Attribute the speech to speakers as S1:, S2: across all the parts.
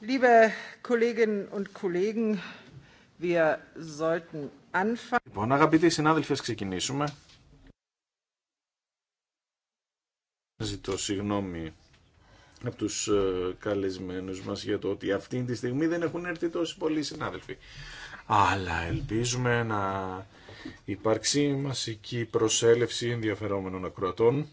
S1: Liebe Kolleginnen und Kollegen, wir sollten anfangen.
S2: Λοιπόν, αγαπητοί συνάδελφοι, ας ξεκινήσουμε. Ζητώ συγγνώμη από τους ε, καλεσμένους μας για το ότι αυτή τη στιγμή δεν έχουν έρθει τόσοι πολλοί συνάδελφοι. Αλλά ελπίζουμε να υπάρξει μασική προσέλευση ενδιαφερόμενων ακροατών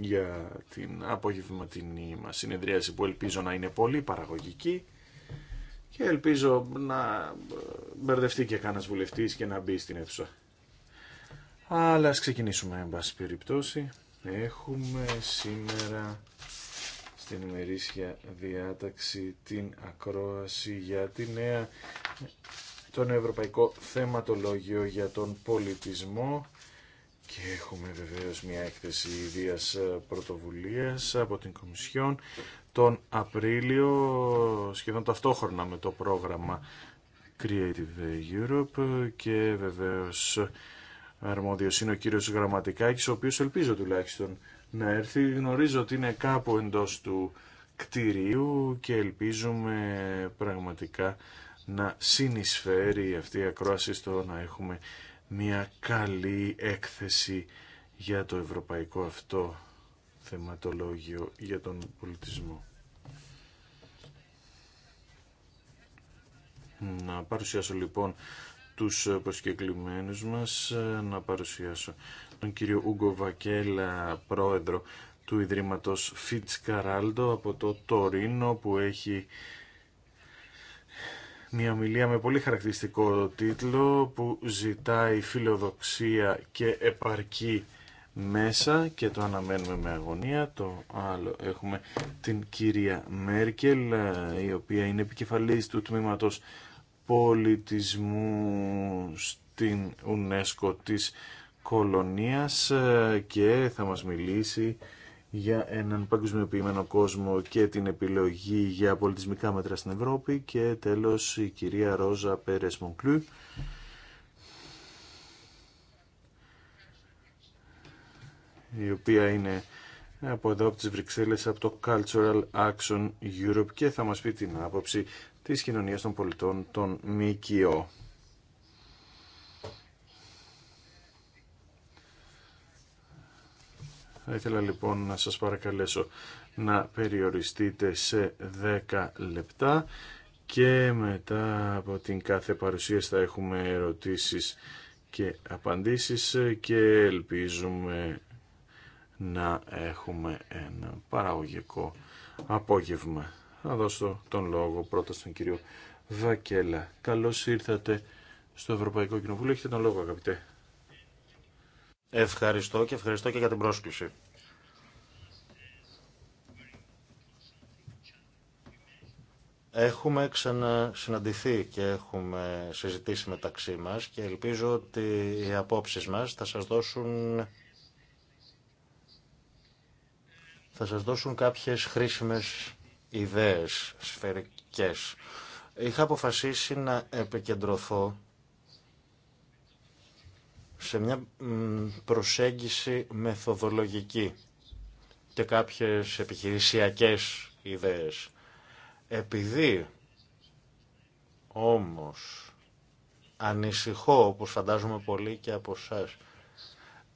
S2: για την απογευματινή μα συνεδρίαση που ελπίζω να είναι πολύ παραγωγική και ελπίζω να ε, μπερδευτεί και κανένα βουλευτής και να μπει στην αίθουσα. Αλλά ας ξεκινήσουμε, εν πάση περιπτώσει. Έχουμε σήμερα στην ημερήσια διάταξη την ακρόαση για τη νέα τον Ευρωπαϊκό Θεματολόγιο για τον Πολιτισμό και έχουμε βεβαίως μια έκθεση ιδίας ε, πρωτοβουλίας από την Κομισιόν τον Απρίλιο, σχεδόν ταυτόχρονα με το πρόγραμμα Creative Europe και βεβαίως αρμόδιος είναι ο κύριος Γραμματικάκης, ο οποίος ελπίζω τουλάχιστον να έρθει. Γνωρίζω ότι είναι κάπου εντός του κτηρίου και ελπίζουμε πραγματικά να συνεισφέρει αυτή η ακρόαση στο να έχουμε μια καλή έκθεση για το ευρωπαϊκό αυτό θεματολόγιο για τον πολιτισμό. Να παρουσιάσω λοιπόν τους προσκεκλημένους μας, να παρουσιάσω τον κύριο Ούγκο Βακέλα, πρόεδρο του Ιδρύματος Φιτς Καράλτο από το Τωρίνο που έχει μια ομιλία με πολύ χαρακτηριστικό τίτλο που ζητάει φιλοδοξία και επαρκή μέσα και το αναμένουμε με αγωνία. Το άλλο έχουμε την κυρία Μέρκελ η οποία είναι επικεφαλής του τμήματος πολιτισμού στην UNESCO της Κολονίας και θα μας μιλήσει για έναν παγκοσμιοποιημένο κόσμο και την επιλογή για πολιτισμικά μέτρα στην Ευρώπη και τέλος η κυρία Ρόζα Πέρες Μονκλού η οποία είναι από εδώ από τις Βρυξέλλες από το Cultural Action Europe και θα μας πει την άποψη της κοινωνίας των πολιτών των ΜΚΟ. Θα ήθελα λοιπόν να σας παρακαλέσω να περιοριστείτε σε 10 λεπτά και μετά από την κάθε παρουσίαση θα έχουμε ερωτήσεις και απαντήσεις και ελπίζουμε να έχουμε ένα παραγωγικό απόγευμα. Θα δώσω τον λόγο πρώτα στον κύριο Βακέλα. Καλώς ήρθατε στο Ευρωπαϊκό Κοινοβούλιο. Έχετε τον λόγο αγαπητέ.
S3: Ευχαριστώ και ευχαριστώ και για την πρόσκληση. Έχουμε ξανασυναντηθεί και έχουμε συζητήσει μεταξύ μας και ελπίζω ότι οι απόψεις μας θα σας δώσουν, θα σας δώσουν κάποιες χρήσιμες ιδέες σφαιρικές. Είχα αποφασίσει να επικεντρωθώ σε μια προσέγγιση μεθοδολογική και κάποιες επιχειρησιακές ιδέες. Επειδή όμως ανησυχώ, όπως φαντάζομαι πολύ και από εσά,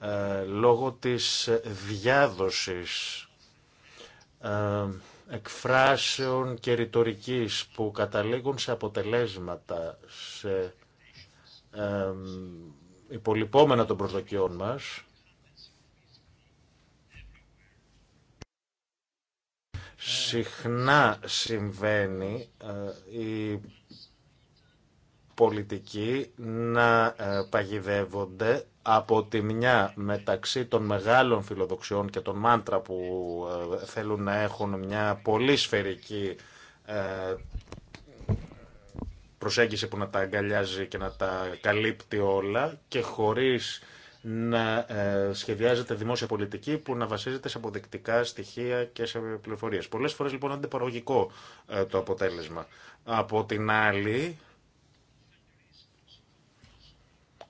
S3: ε, λόγω της διάδοσης ε, εκφράσεων και ρητορική που καταλήγουν σε αποτελέσματα, σε ε, υπολοιπόμενα των προσδοκιών μας, συχνά συμβαίνει ε, η πολιτική να ε, παγιδεύονται από τη μια μεταξύ των μεγάλων φιλοδοξιών και των μάντρα που ε, θέλουν να έχουν μια πολύ σφαιρική προσέγγιση που να τα αγκαλιάζει και να τα καλύπτει όλα και χωρίς να ε, σχεδιάζεται δημόσια πολιτική που να βασίζεται σε αποδεκτικά στοιχεία και σε πληροφορίε. Πολλές φορές λοιπόν είναι αντιπαραγωγικό ε, το αποτέλεσμα. Από την άλλη,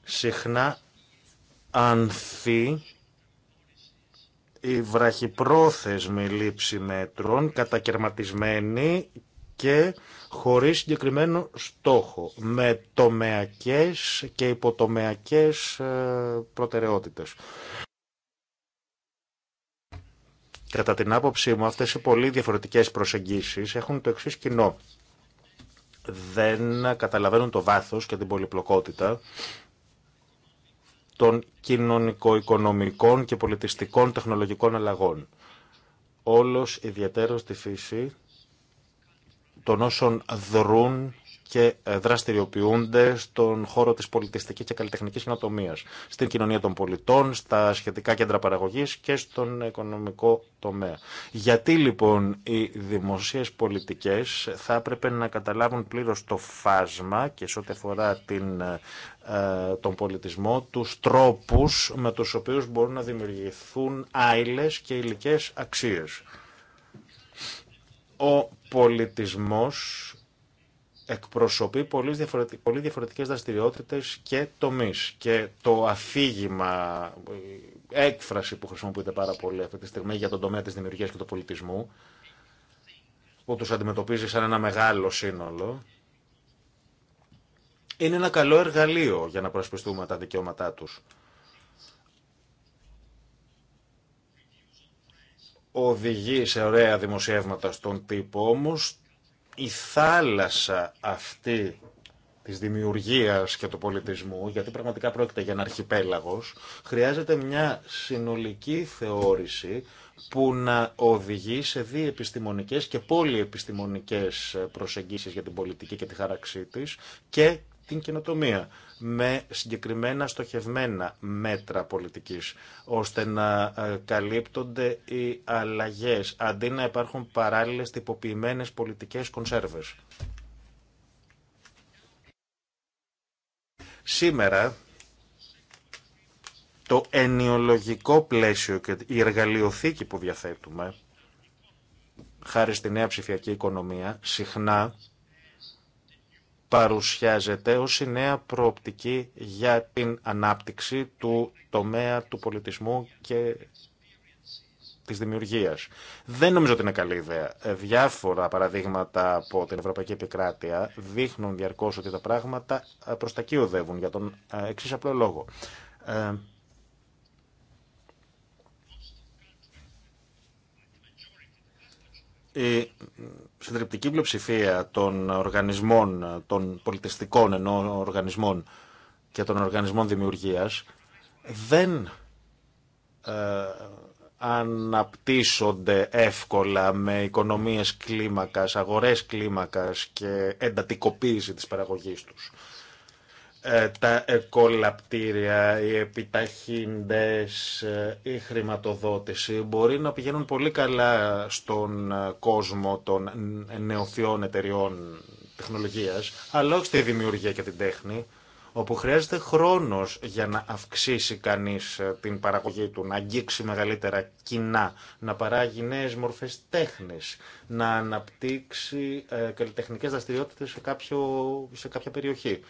S3: συχνά ανθεί η βραχυπρόθεσμη λήψη μέτρων κατακαιρματισμένη και χωρίς συγκεκριμένο στόχο, με τομεακές και υποτομεακές ε, προτεραιότητες. Κατά την άποψή μου, αυτές οι πολύ διαφορετικές προσεγγίσεις έχουν το εξής κοινό. Δεν καταλαβαίνουν το βάθος και την πολυπλοκότητα των κοινωνικο-οικονομικών και πολιτιστικών τεχνολογικών αλλαγών. Όλος ιδιαίτερος στη φύση των όσων δρούν και ε, δραστηριοποιούνται στον χώρο της πολιτιστικής και καλλιτεχνικής καινοτομίας, στην κοινωνία των πολιτών, στα σχετικά κέντρα παραγωγής και στον οικονομικό τομέα. Γιατί λοιπόν οι δημοσίες πολιτικές θα έπρεπε να καταλάβουν πλήρως το φάσμα και σε ό,τι αφορά την, ε, τον πολιτισμό, τους τρόπους με τους οποίους μπορούν να δημιουργηθούν άειλες και υλικές αξίες πολιτισμός εκπροσωπεί πολύ, διαφορετικ, διαφορετικές δραστηριότητες και τομείς. Και το αφήγημα, ε, έκφραση που χρησιμοποιείται πάρα πολύ αυτή τη στιγμή για τον τομέα της δημιουργίας και του πολιτισμού, που τους αντιμετωπίζει σαν ένα μεγάλο σύνολο, είναι ένα καλό εργαλείο για να προσπιστούμε τα δικαιώματά τους. οδηγεί σε ωραία δημοσιεύματα στον τύπο, όμως η θάλασσα αυτή της δημιουργίας και του πολιτισμού, γιατί πραγματικά πρόκειται για ένα αρχιπέλαγος, χρειάζεται μια συνολική θεώρηση που να οδηγεί σε δύο επιστημονικές και πολυεπιστημονικές προσεγγίσεις για την πολιτική και τη χάραξη της και την καινοτομία με συγκεκριμένα στοχευμένα μέτρα πολιτικής, ώστε να ε, καλύπτονται οι αλλαγές, αντί να υπάρχουν παράλληλες τυποποιημένες πολιτικές κονσέρβες. Σήμερα το ενιολογικό πλαίσιο και η εργαλειοθήκη που διαθέτουμε, χάρη στη νέα ψηφιακή οικονομία, συχνά παρουσιάζεται ως η νέα προοπτική για την ανάπτυξη του τομέα του πολιτισμού και της δημιουργίας. Δεν νομίζω ότι είναι καλή ιδέα. Ε, διάφορα παραδείγματα από την Ευρωπαϊκή Επικράτεια δείχνουν διαρκώς ότι τα πράγματα ε, προς τα για τον ε, εξής απλό λόγο συντριπτική πλειοψηφία των οργανισμών, των πολιτιστικών ενώ οργανισμών και των οργανισμών δημιουργίας δεν ε, αναπτύσσονται εύκολα με οικονομίες κλίμακας, αγορές κλίμακας και εντατικοποίηση της παραγωγής τους. Ε, τα εκολαπτήρια, οι επιταχύντες, ε, η χρηματοδότηση μπορεί να πηγαίνουν πολύ καλά στον ε, κόσμο των νεοφιών εταιριών τεχνολογίας, αλλά όχι στη δημιουργία και την τέχνη, όπου χρειάζεται χρόνος για να αυξήσει κανείς την παραγωγή του, να αγγίξει μεγαλύτερα κοινά, να παράγει νέες μορφές τέχνης, να αναπτύξει καλλιτεχνικές δραστηριότητες κάποιο, σε κάποια περιοχή.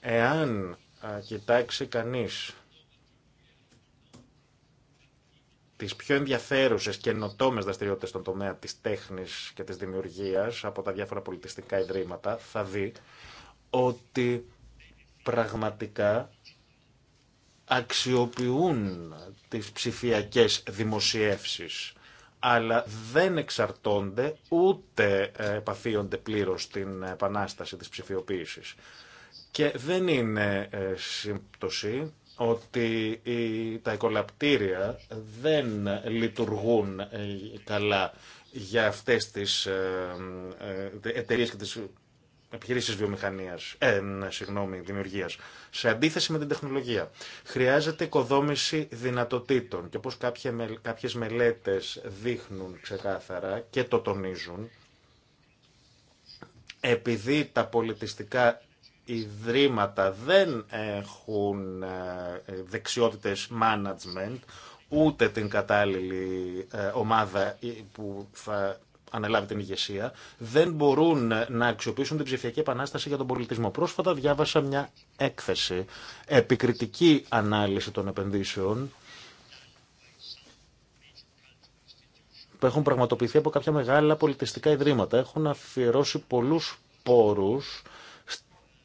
S3: Εάν κοιτάξει κανείς τις πιο ενδιαφέρουσες και νοτόμες δραστηριότητες στον τομέα της τέχνης και της δημιουργίας από τα διάφορα πολιτιστικά ιδρύματα, θα δει ότι πραγματικά αξιοποιούν τις ψηφιακές δημοσιεύσεις αλλά δεν εξαρτώνται ούτε ε, επαφίονται πλήρως την ε, επανάσταση της ψηφιοποίησης. Και δεν είναι ε, σύμπτωση ότι τα οικολαπτήρια δεν λειτουργούν ε, καλά για αυτές τις ε, εταιρείες και τις επιχειρήσεις βιομηχανίας, ε, ναι, συγγνώμη, δημιουργίας, σε αντίθεση με την τεχνολογία. Χρειάζεται οικοδόμηση δυνατοτήτων και όπως κάποιες μελέτες δείχνουν ξεκάθαρα και το τονίζουν, επειδή τα πολιτιστικά ιδρύματα δεν έχουν ε, δεξιότητες management, ούτε την κατάλληλη ε, ομάδα που θα αναλάβει την ηγεσία, δεν μπορούν να αξιοποιήσουν την ψηφιακή επανάσταση για τον πολιτισμό. Πρόσφατα διάβασα μια έκθεση, επικριτική ανάλυση των επενδύσεων, που έχουν πραγματοποιηθεί από κάποια μεγάλα πολιτιστικά ιδρύματα. Έχουν αφιερώσει πολλούς πόρους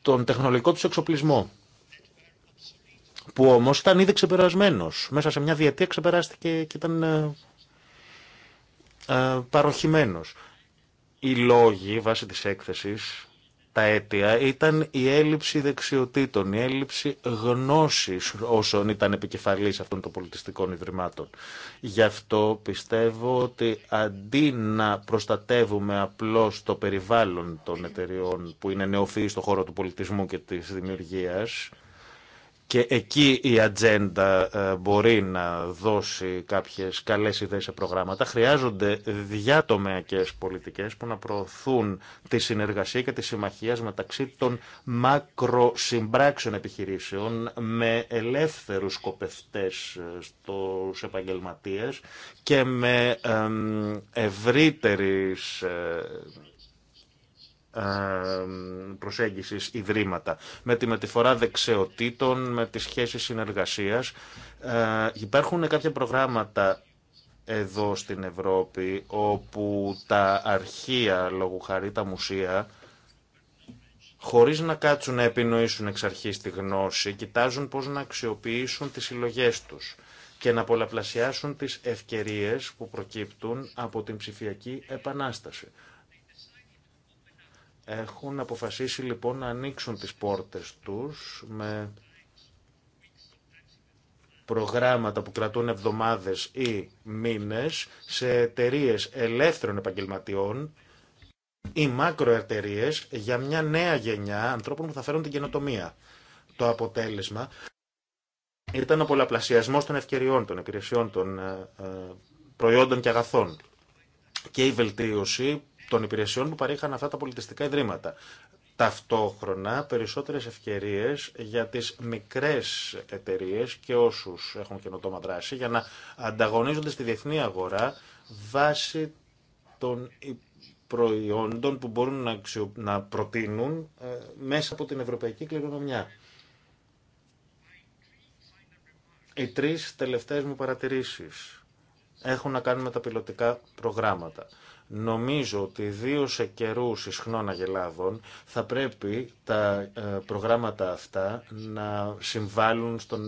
S3: τον τεχνολογικό του εξοπλισμό. Που όμω ήταν ήδη ξεπερασμένο, Μέσα σε μια διετία ξεπεράστηκε και ήταν παροχημένο. Ε, ε, παροχημένος. Οι λόγοι βάσει της έκθεσης τα αίτια ήταν η έλλειψη δεξιοτήτων, η έλλειψη γνώσης όσων ήταν επικεφαλής αυτών των πολιτιστικών ιδρυμάτων. Γι' αυτό πιστεύω ότι αντί να προστατεύουμε απλώς το περιβάλλον των εταιριών που είναι νεοφύη στον χώρο του πολιτισμού και της δημιουργίας, και εκεί η ατζέντα ε, μπορεί να δώσει κάποιες καλές ιδέες σε προγράμματα. Χρειάζονται διατομεακές πολιτικές που να προωθούν τη συνεργασία και τη συμμαχία μεταξύ των μακροσυμπράξεων επιχειρήσεων με ελεύθερους σκοπευτές ε, στους επαγγελματίες και με ευρύτερης ε, προσέγγισης ιδρύματα, με τη μεταφορά δεξιοτήτων, με τις σχέσεις συνεργασίας. Ε, υπάρχουν κάποια προγράμματα εδώ στην Ευρώπη όπου τα αρχεία, λόγου χαρή, τα μουσεία, χωρίς να κάτσουν να επινοήσουν εξ αρχής τη γνώση, κοιτάζουν πώς να αξιοποιήσουν τις συλλογέ τους και να πολλαπλασιάσουν τις ευκαιρίες που προκύπτουν από την ψηφιακή επανάσταση. Έχουν αποφασίσει λοιπόν να ανοίξουν τις πόρτες τους με προγράμματα που κρατούν εβδομάδες ή μήνες σε εταιρείε ελεύθερων επαγγελματιών ή μακροεταιρείε για μια νέα γενιά ανθρώπων που θα φέρουν την καινοτομία. Το αποτέλεσμα ήταν ο πολλαπλασιασμός των ευκαιριών, των υπηρεσιών, των ε, ε, προϊόντων και αγαθών και η βελτίωση των υπηρεσιών που παρήχαν αυτά τα πολιτιστικά ιδρύματα. Ταυτόχρονα περισσότερες ευκαιρίες για τις μικρές εταιρείες και όσους έχουν καινοτόμα δράση για να ανταγωνίζονται στη διεθνή αγορά βάσει των προϊόντων που μπορούν να, προτείνουν ε, μέσα από την ευρωπαϊκή κληρονομιά. Οι τρεις τελευταίες μου παρατηρήσεις έχουν να κάνουν με τα πιλωτικά προγράμματα. Νομίζω ότι ιδίω σε καιρού ισχνών αγελάδων θα πρέπει τα ε, προγράμματα αυτά να συμβάλλουν στον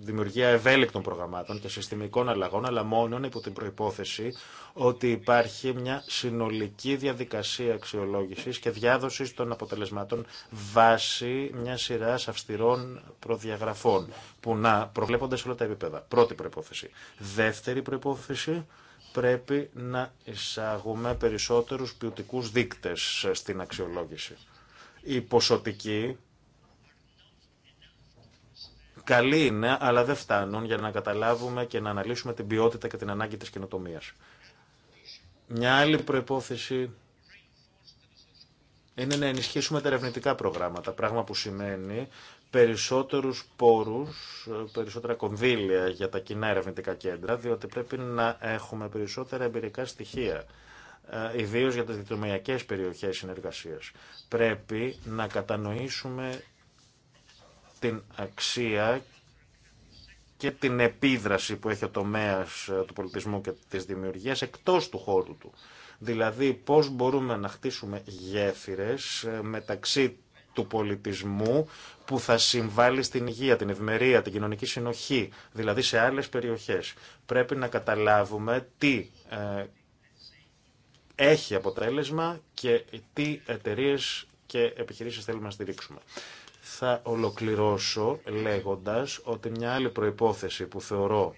S3: δημιουργία ευέλικτων προγραμμάτων και συστημικών αλλαγών, αλλά μόνο υπό την προϋπόθεση ότι υπάρχει μια συνολική διαδικασία αξιολόγησης και διάδοσης των αποτελεσμάτων βάσει μια σειρά αυστηρών προδιαγραφών που να προβλέπονται σε όλα τα επίπεδα. Πρώτη προϋπόθεση. Δεύτερη προϋπόθεση πρέπει να εισάγουμε περισσότερους ποιοτικού δείκτες στην αξιολόγηση. Η ποσοτική καλή είναι, αλλά δεν φτάνουν για να καταλάβουμε και να αναλύσουμε την ποιότητα και την ανάγκη της καινοτομία. Μια άλλη προϋπόθεση είναι να ενισχύσουμε τα ερευνητικά προγράμματα, πράγμα που σημαίνει περισσότερους πόρους, περισσότερα κονδύλια για τα κοινά ερευνητικά κέντρα, διότι πρέπει να έχουμε περισσότερα εμπειρικά στοιχεία, ε, ιδίως για τις διτομιακές περιοχές συνεργασίας. Πρέπει να κατανοήσουμε την αξία και την επίδραση που έχει ο τομέας ε, του πολιτισμού και της δημιουργίας εκτός του χώρου του. Δηλαδή πώς μπορούμε να χτίσουμε γέφυρες ε, μεταξύ του πολιτισμού που θα συμβάλλει στην υγεία, την ευημερία, την κοινωνική συνοχή, δηλαδή σε άλλες περιοχές. Πρέπει να καταλάβουμε τι ε, έχει αποτέλεσμα και τι εταιρείε και επιχειρήσεις θέλουμε να στηρίξουμε. Θα ολοκληρώσω λέγοντας ότι μια άλλη προϋπόθεση που θεωρώ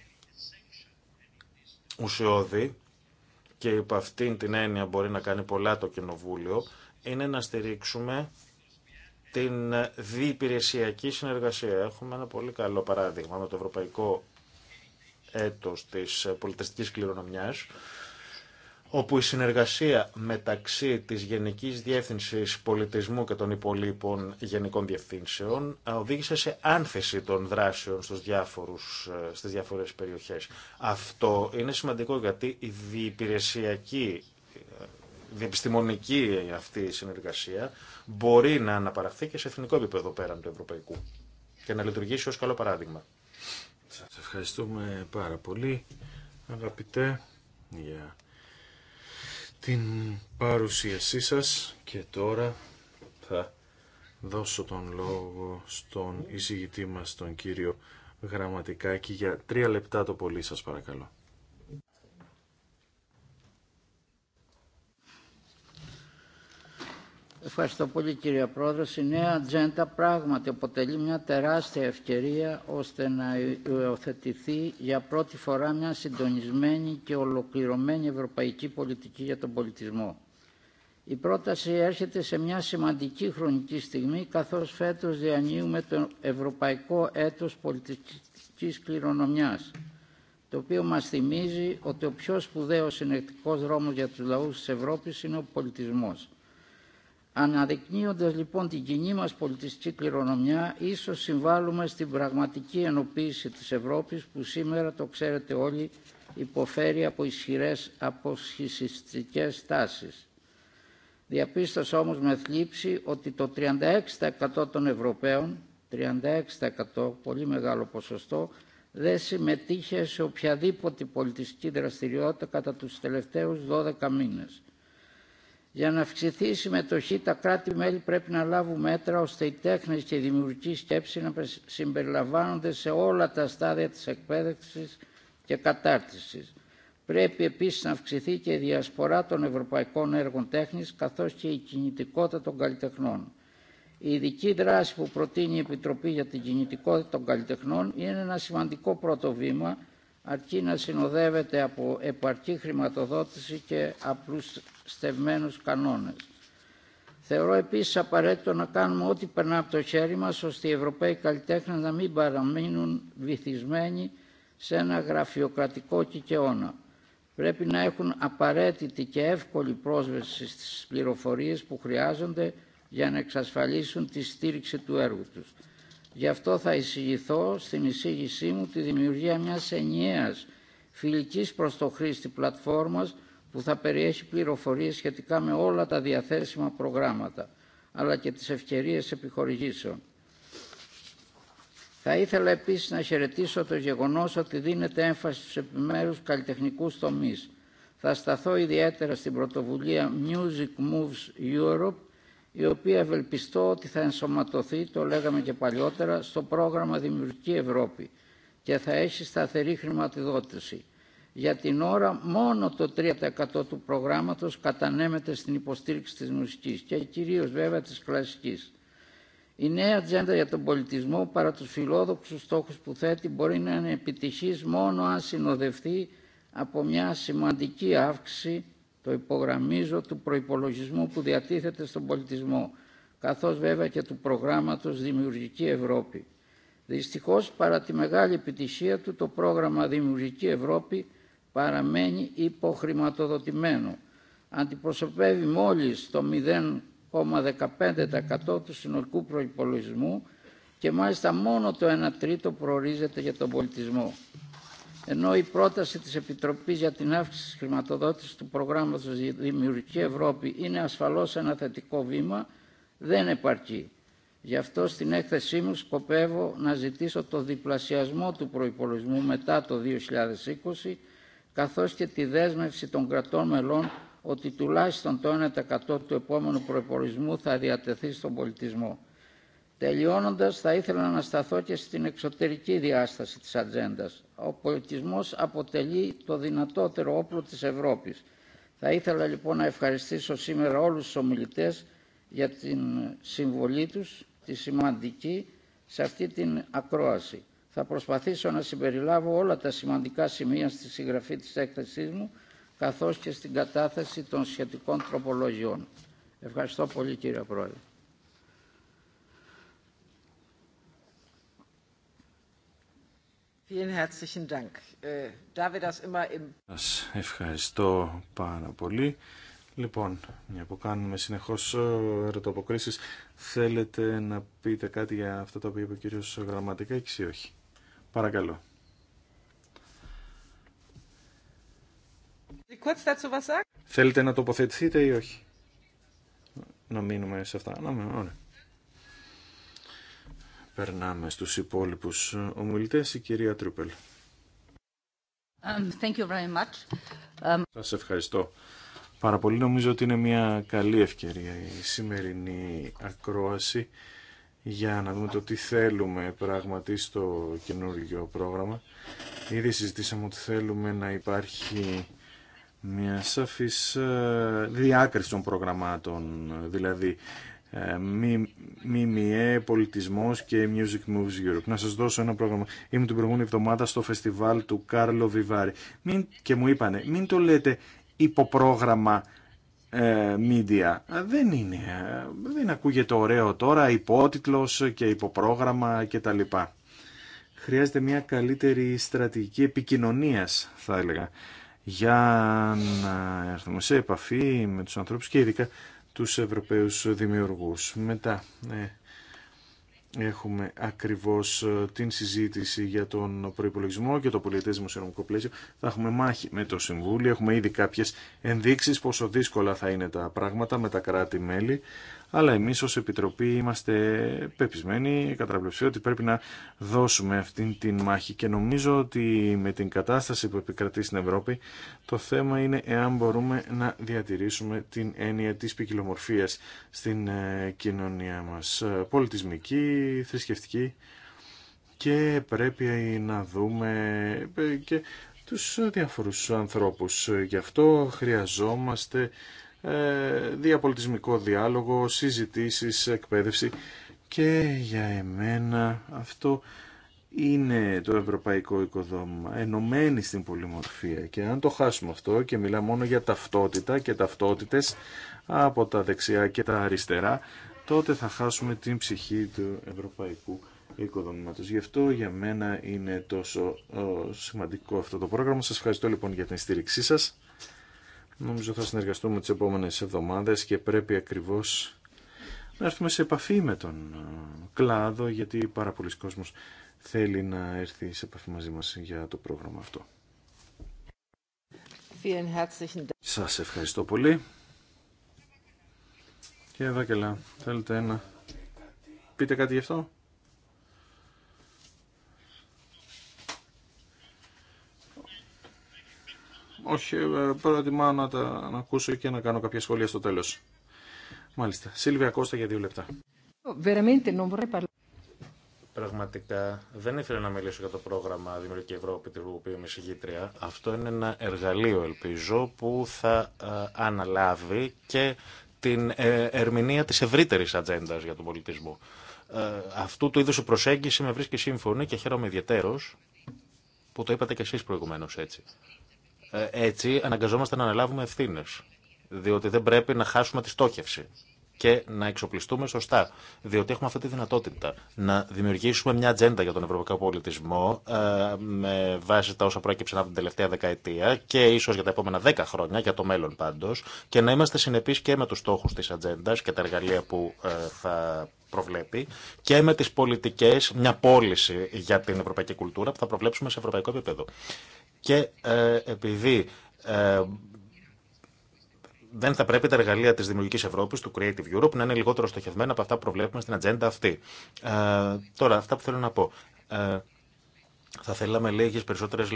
S3: ουσιώδη και υπ' αυτήν την έννοια μπορεί να κάνει πολλά το Κοινοβούλιο, είναι να στηρίξουμε την διυπηρεσιακή συνεργασία. Έχουμε ένα πολύ καλό παράδειγμα με το Ευρωπαϊκό Έτος της Πολιτιστικής Κληρονομιάς, όπου η συνεργασία μεταξύ της Γενικής Διεύθυνσης Πολιτισμού και των υπολείπων Γενικών Διευθύνσεων ε, οδήγησε σε άνθεση των δράσεων στους διάφορους, ε, στις διάφορες περιοχές. Αυτό είναι σημαντικό γιατί η διυπηρεσιακή ε, διεπιστημονική αυτή συνεργασία μπορεί να αναπαραχθεί και σε εθνικό επίπεδο πέραν του ευρωπαϊκού
S2: και να λειτουργήσει ως καλό παράδειγμα. Σας ευχαριστούμε πάρα πολύ αγαπητέ για την παρουσίασή σας και τώρα θα δώσω τον λόγο στον εισηγητή μας τον κύριο Γραμματικάκη για τρία λεπτά το πολύ σας παρακαλώ.
S1: Ευχαριστώ πολύ κύριε Πρόεδρε. Η νέα ατζέντα πράγματι αποτελεί μια τεράστια ευκαιρία ώστε να υιοθετηθεί για πρώτη φορά μια συντονισμένη και ολοκληρωμένη ευρωπαϊκή πολιτική για τον πολιτισμό. Η πρόταση έρχεται σε μια σημαντική χρονική στιγμή καθώς φέτος διανύουμε το Ευρωπαϊκό Έτος Πολιτιστικής Κληρονομιάς το οποίο μας θυμίζει ότι ο πιο σπουδαίος συνεκτικός δρόμος για τους λαούς της Ευρώπης είναι ο πολιτισμός. Αναδεικνύοντας λοιπόν την κοινή μας πολιτιστική κληρονομιά, ίσως συμβάλλουμε στην πραγματική ενοποίηση της Ευρώπης που σήμερα, το ξέρετε όλοι, υποφέρει από ισχυρές αποσχησιστικές τάσεις. Διαπίστωσα όμως με θλίψη ότι το 36% των Ευρωπαίων, 36% πολύ μεγάλο ποσοστό, δεν συμμετείχε σε οποιαδήποτε πολιτιστική δραστηριότητα κατά τους τελευταίους 12 μήνες. Για να αυξηθεί η συμμετοχή, τα κράτη-μέλη πρέπει να λάβουν μέτρα ώστε οι τέχνε και η δημιουργική σκέψη να συμπεριλαμβάνονται σε όλα τα στάδια τη εκπαίδευση και κατάρτισης. Πρέπει επίση να αυξηθεί και η διασπορά των ευρωπαϊκών έργων τέχνη καθώ και η κινητικότητα των καλλιτεχνών. Η ειδική δράση που προτείνει η Επιτροπή για την κινητικότητα των καλλιτεχνών είναι ένα σημαντικό πρώτο βήμα αρκεί να συνοδεύεται από επαρκή χρηματοδότηση και απλούς στευμένους κανόνες. Θεωρώ επίσης απαραίτητο να κάνουμε ό,τι περνά από το χέρι μας ώστε οι Ευρωπαίοι καλλιτέχνες να μην παραμείνουν βυθισμένοι σε ένα γραφειοκρατικό κικαιώνα. Πρέπει να έχουν απαραίτητη και εύκολη πρόσβαση στις πληροφορίες που χρειάζονται για να εξασφαλίσουν τη στήριξη του έργου τους. Γι' αυτό θα εισηγηθώ στην εισήγησή μου τη δημιουργία μιας ενιαίας φιλικής προς το χρήστη πλατφόρμας που θα περιέχει πληροφορίες σχετικά με όλα τα διαθέσιμα προγράμματα, αλλά και τις ευκαιρίες επιχορηγήσεων. Θα ήθελα επίσης να χαιρετήσω το γεγονός ότι δίνεται έμφαση στους επιμέρους καλλιτεχνικούς τομείς. Θα σταθώ ιδιαίτερα στην πρωτοβουλία Music Moves Europe, η οποία ευελπιστώ ότι θα ενσωματωθεί, το λέγαμε και παλιότερα, στο πρόγραμμα Δημιουργική Ευρώπη και θα έχει σταθερή χρηματοδότηση. Για την ώρα μόνο το 3% του προγράμματος κατανέμεται στην υποστήριξη της μουσικής και κυρίως βέβαια της κλασικής. Η νέα ατζέντα για τον πολιτισμό παρά τους φιλόδοξους στόχους που θέτει μπορεί να είναι επιτυχής μόνο αν συνοδευτεί από μια σημαντική αύξηση, το υπογραμμίζω, του προϋπολογισμού που διατίθεται στον πολιτισμό, καθώς βέβαια και του προγράμματος Δημιουργική Ευρώπη. Δυστυχώς, παρά τη μεγάλη επιτυχία του, το πρόγραμμα Δημιουργική Ευρώπη παραμένει υποχρηματοδοτημένο. Αντιπροσωπεύει μόλις το 0,15% του συνολικού προϋπολογισμού και μάλιστα μόνο το 1 τρίτο προορίζεται για τον πολιτισμό. Ενώ η πρόταση της Επιτροπής για την αύξηση της χρηματοδότησης του προγράμματος Δημιουργική Ευρώπη είναι ασφαλώς ένα θετικό βήμα, δεν επαρκεί. Γι' αυτό στην έκθεσή μου σκοπεύω να ζητήσω το διπλασιασμό του προϋπολογισμού μετά το 2020 καθώς και τη δέσμευση των κρατών μελών ότι τουλάχιστον το 1% του επόμενου προπορισμού θα διατεθεί στον πολιτισμό. Τελειώνοντας, θα ήθελα να σταθώ και στην εξωτερική διάσταση της ατζέντα. Ο πολιτισμός αποτελεί το δυνατότερο όπλο της Ευρώπης. Θα ήθελα λοιπόν να ευχαριστήσω σήμερα όλους τους ομιλητές για την συμβολή τους, τη σημαντική, σε αυτή την ακρόαση. Θα προσπαθήσω να συμπεριλάβω όλα τα σημαντικά σημεία στη συγγραφή της έκθεσής μου, καθώς και στην κατάθεση των σχετικών τροπολογιών. Ευχαριστώ πολύ κύριε Πρόεδρε. Äh,
S2: Σας ευχαριστώ πάρα πολύ. Λοιπόν, μια που κάνουμε συνεχώς ε, ερωτοποκρίσεις, θέλετε να πείτε κάτι για αυτό το οποίο είπε ο κύριος Γραμματικά ή όχι. Παρακαλώ. Θέλετε να τοποθετηθείτε ή όχι. Να μείνουμε σε αυτά. Να μείνουμε. Ωραία. Περνάμε στους υπόλοιπους ομιλητές. Η κυρία Τρούπελ. Um, um Σας ευχαριστώ. Πάρα πολύ νομίζω ότι είναι μια καλή ευκαιρία η σημερινή ακρόαση για να δούμε το τι θέλουμε πράγματι στο καινούργιο πρόγραμμα. Ήδη συζητήσαμε ότι θέλουμε να υπάρχει μια σαφής ε, διάκριση των προγραμμάτων, δηλαδή ΜΜΕ, πολιτισμός και Music Moves Europe. Να σας δώσω ένα πρόγραμμα. Ήμουν την προηγούμενη εβδομάδα στο φεστιβάλ του Κάρλο Βιβάρη και μου είπανε, μην το λέτε υποπρόγραμμα ε, media. Δεν είναι, δεν ακούγεται ωραίο τώρα, υπότιτλος και υποπρόγραμμα λοιπά. Χρειάζεται μια καλύτερη στρατηγική επικοινωνίας, θα έλεγα, για να έρθουμε σε επαφή με τους ανθρώπους και ειδικά τους Ευρωπαίους δημιουργούς. Μετά, ναι έχουμε ακριβώς ε, την συζήτηση για τον προϋπολογισμό και το πολιτές δημοσιονομικό πλαίσιο. Θα έχουμε μάχη με το Συμβούλιο, έχουμε ήδη κάποιες ενδείξεις πόσο δύσκολα θα είναι τα πράγματα με τα κράτη-μέλη, αλλά εμεί ω Επιτροπή είμαστε πεπισμένοι κατά ότι πρέπει να δώσουμε αυτήν την μάχη και νομίζω ότι με την κατάσταση που επικρατεί στην Ευρώπη το θέμα είναι εάν μπορούμε να διατηρήσουμε την έννοια τη ποικιλομορφία στην ε, κοινωνία μας ε, πολιτισμική, θρησκευτική και πρέπει να δούμε ε, και τους διάφορους ανθρώπους. Γι' αυτό χρειαζόμαστε ε, διαπολιτισμικό διάλογο, συζητήσεις, εκπαίδευση και για εμένα αυτό είναι το ευρωπαϊκό οικοδόμημα ενωμένη στην πολυμορφία και αν το χάσουμε αυτό και μιλά μόνο για ταυτότητα και ταυτότητες από τα δεξιά και τα αριστερά τότε θα χάσουμε την ψυχή του ευρωπαϊκού οικοδομήματος. Γι' αυτό για μένα είναι τόσο ε, σημαντικό αυτό το πρόγραμμα. Σας ευχαριστώ λοιπόν για την στήριξή σας. Νομίζω θα συνεργαστούμε τις επόμενες εβδομάδες και πρέπει ακριβώς να έρθουμε σε επαφή με τον ε, κλάδο γιατί πάρα πολλοί κόσμος θέλει να έρθει σε επαφή μαζί μας για το πρόγραμμα αυτό. Σας ευχαριστώ πολύ. Και και Βάκελα, θέλετε να πείτε κάτι γι' αυτό. Όχι, ε, προτιμάω να τα να ακούσω και να κάνω κάποια σχόλια στο τέλο. Μάλιστα. Σίλβια Κώστα για δύο λεπτά.
S3: Πραγματικά δεν ήθελα να μιλήσω για το πρόγραμμα Δημιουργική Ευρώπη, την οποία είμαι συγγήτρια. Αυτό είναι ένα εργαλείο, ελπίζω, που θα ε, αναλάβει και την ε, ερμηνεία της ευρύτερης ατζέντα για τον πολιτισμό. αυτού του είδους η προσέγγιση με βρίσκει σύμφωνη και χαίρομαι ιδιαίτερος που το είπατε και εσείς προηγουμένως έτσι. Ε, έτσι αναγκαζόμαστε να αναλάβουμε ευθύνε. Διότι δεν πρέπει να χάσουμε τη στόχευση και να εξοπλιστούμε σωστά. Διότι έχουμε αυτή τη δυνατότητα να δημιουργήσουμε μια ατζέντα για τον ευρωπαϊκό πολιτισμό ε, με βάση τα όσα πρόκειψαν από την τελευταία δεκαετία και ίσω για τα επόμενα δέκα χρόνια, για το μέλλον πάντω, και να είμαστε συνεπεί και με του στόχου τη ατζέντα και τα εργαλεία που ε, θα προβλέπει και με τι πολιτικέ, μια πώληση για την ευρωπαϊκή κουλτούρα που θα προβλέψουμε σε ευρωπαϊκό επίπεδο. Και ε, επειδή ε, δεν θα πρέπει τα εργαλεία της Δημιουργική Ευρώπης, του Creative Europe, να είναι λιγότερο στοχευμένα από αυτά που προβλέπουμε στην ατζέντα αυτή. Ε, τώρα, αυτά που θέλω να πω. θα θέλαμε λίγες περισσότερες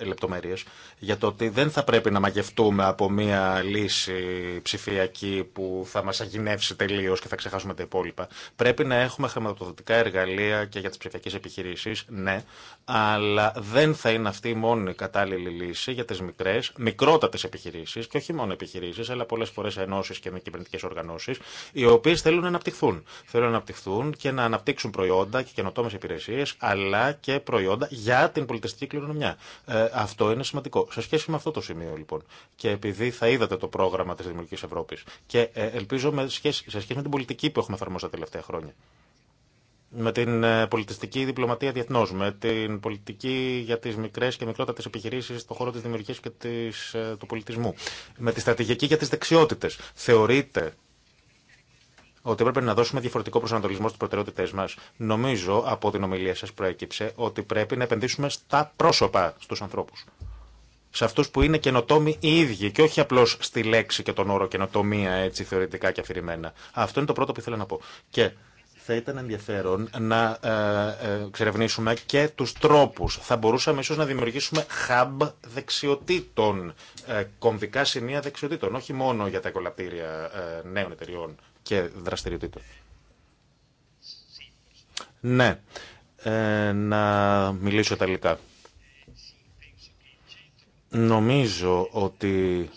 S3: λεπτομέρειες, για το ότι δεν θα πρέπει να μαγευτούμε από μια λύση ψηφιακή που θα μας αγινεύσει τελείως και θα ξεχάσουμε τα υπόλοιπα. Πρέπει να έχουμε χρηματοδοτικά εργαλεία και για τις ψηφιακές επιχειρήσεις, ναι, αλλά δεν θα είναι αυτή η μόνη κατάλληλη λύση για τι μικρέ, μικρότατε επιχειρήσει και όχι μόνο επιχειρήσει, αλλά πολλέ φορέ ενώσει και με κυβερνητικέ οργανώσει, οι οποίε θέλουν να αναπτυχθούν. Θέλουν να αναπτυχθούν και να αναπτύξουν προϊόντα και καινοτόμε υπηρεσίε, αλλά και προϊόντα για την πολιτιστική κληρονομιά. Ε, αυτό είναι σημαντικό. Σε σχέση με αυτό το σημείο, λοιπόν, και επειδή θα είδατε το πρόγραμμα τη Δημιουργική Ευρώπη και ε, ελπίζω με σχέση, σε σχέση με την πολιτική που έχουμε εφαρμόσει τα τελευταία χρόνια με την ε, πολιτιστική διπλωματία διεθνώ, με την πολιτική για τι μικρέ και μικρότατε επιχειρήσει στον χώρο τη δημιουργία και της, ε, του πολιτισμού, με τη στρατηγική για τι δεξιότητε. Θεωρείτε ότι έπρεπε να δώσουμε διαφορετικό προσανατολισμό στι προτεραιότητέ μα. Νομίζω από την ομιλία σα προέκυψε ότι πρέπει να επενδύσουμε στα πρόσωπα, στου ανθρώπου. Σε αυτού που είναι καινοτόμοι οι ίδιοι και όχι απλώ στη λέξη και τον όρο καινοτομία έτσι θεωρητικά και αφηρημένα. Αυτό είναι το πρώτο που ήθελα να πω. Και θα ήταν ενδιαφέρον να ε, ε, ξερευνήσουμε και τους τρόπους. Θα μπορούσαμε ίσως να δημιουργήσουμε hub δεξιοτήτων, ε, κομβικά σημεία δεξιοτήτων, όχι μόνο για τα κολαπτήρια νέων εταιριών και δραστηριοτήτων. Ναι, να μιλήσω ταλικά. Νομίζω ότι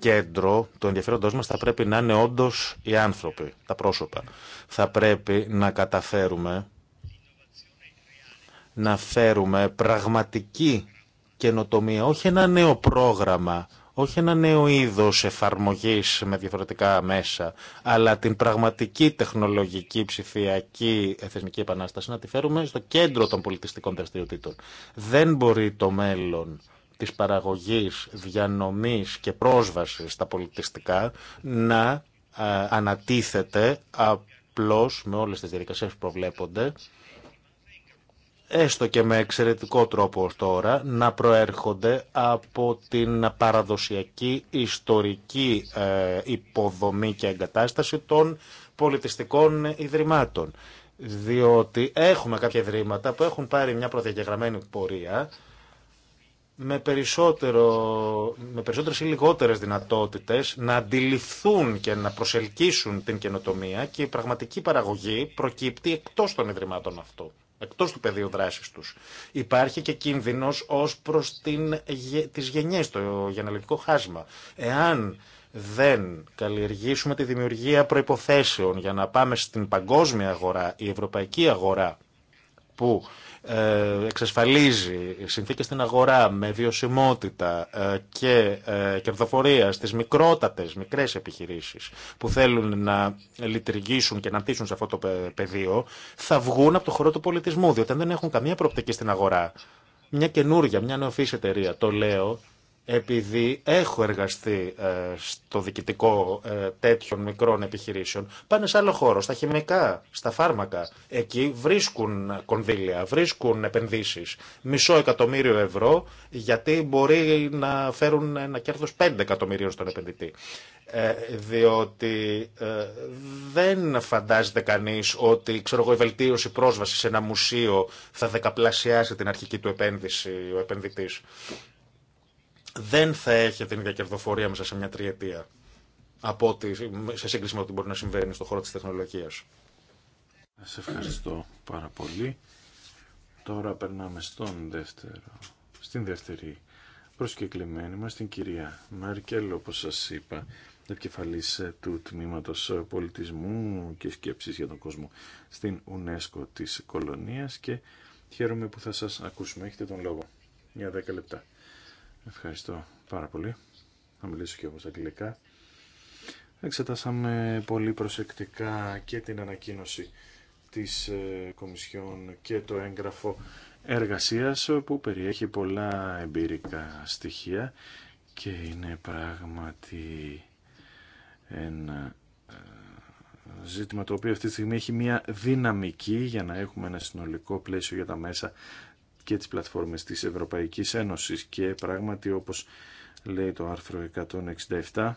S3: κέντρο του ενδιαφέροντό μα θα πρέπει να είναι όντω οι άνθρωποι, τα πρόσωπα. Θα πρέπει να καταφέρουμε να φέρουμε πραγματική καινοτομία, όχι ένα νέο πρόγραμμα, όχι ένα νέο είδος εφαρμογής με διαφορετικά μέσα, αλλά την πραγματική τεχνολογική ψηφιακή εθνική επανάσταση να τη φέρουμε στο κέντρο των πολιτιστικών δραστηριοτήτων. Δεν μπορεί το μέλλον της παραγωγής, διανομής και πρόσβασης στα πολιτιστικά να ε, ανατίθεται απλώς με όλες τις διαδικασίες που προβλέπονται έστω και με εξαιρετικό τρόπο ως τώρα, να προέρχονται από την παραδοσιακή ιστορική ε, υποδομή και εγκατάσταση των πολιτιστικών ιδρυμάτων. Διότι έχουμε κάποια ιδρύματα που έχουν πάρει μια προδιαγεγραμμένη πορεία με, περισσότερο, με περισσότερες ή λιγότερες δυνατότητες να αντιληφθούν και να προσελκύσουν την καινοτομία και η πραγματική παραγωγή προκύπτει εκτός των ιδρυμάτων αυτού, εκτός του πεδίου δράσης τους. Υπάρχει και κίνδυνος ως προς την, τις γενιές, το γενελογικό χάσμα. Εάν δεν καλλιεργήσουμε τη δημιουργία προϋποθέσεων για να πάμε στην παγκόσμια αγορά, η ευρωπαϊκή αγορά, που ε, εξασφαλίζει συνθήκες στην αγορά με βιωσιμότητα ε, και ε, κερδοφορία στις μικρότατες, μικρές επιχειρήσεις που θέλουν να λειτουργήσουν και να πτήσουν σε αυτό το πεδίο, θα βγουν από το χώρο του πολιτισμού, διότι αν δεν έχουν καμία προοπτική στην αγορά, μια καινούργια, μια νεοφύση εταιρεία, το λέω, επειδή έχω εργαστεί ε, στο διοικητικό ε, τέτοιων μικρών επιχειρήσεων, πάνε σε άλλο χώρο, στα χημικά, στα φάρμακα. Εκεί βρίσκουν κονδύλια, βρίσκουν επενδύσεις. Μισό εκατομμύριο ευρώ, γιατί μπορεί να φέρουν ένα κέρδος 5 εκατομμυρίων στον επενδυτή. Ε, διότι δεν φαντάζεται κανείς ότι ξέρω εγώ, η βελτίωση πρόσβασης σε ένα μουσείο θα δεκαπλασιάσει την αρχική του επένδυση ο επενδυτής δεν θα έχει την ίδια κερδοφορία μέσα σε μια τριετία από ότι, σε
S2: σύγκριση με ό,τι μπορεί να συμβαίνει στον χώρο της τεχνολογίας. Σε ευχαριστώ πάρα πολύ. Τώρα περνάμε στον δεύτερο, στην δεύτερη προσκεκλημένη μας, την κυρία Μάρκελ, όπως σας είπα, επικεφαλής του Τμήματος Πολιτισμού και Σκέψης για τον Κόσμο στην UNESCO της Κολονίας και χαίρομαι που θα σας ακούσουμε. Έχετε τον λόγο. Για δέκα λεπτά. Ευχαριστώ πάρα πολύ. Θα μιλήσω και εγώ στα αγγλικά. Εξετάσαμε πολύ προσεκτικά και την ανακοίνωση της ε, Κομισιόν και το έγγραφο εργασίας που περιέχει πολλά εμπειρικά στοιχεία και είναι πράγματι ένα ε, ζήτημα το οποίο αυτή τη στιγμή έχει μια δυναμική για να έχουμε ένα συνολικό πλαίσιο για τα μέσα και τις πλατφόρμες της Ευρωπαϊκής Ένωσης και πράγματι όπως λέει το άρθρο 167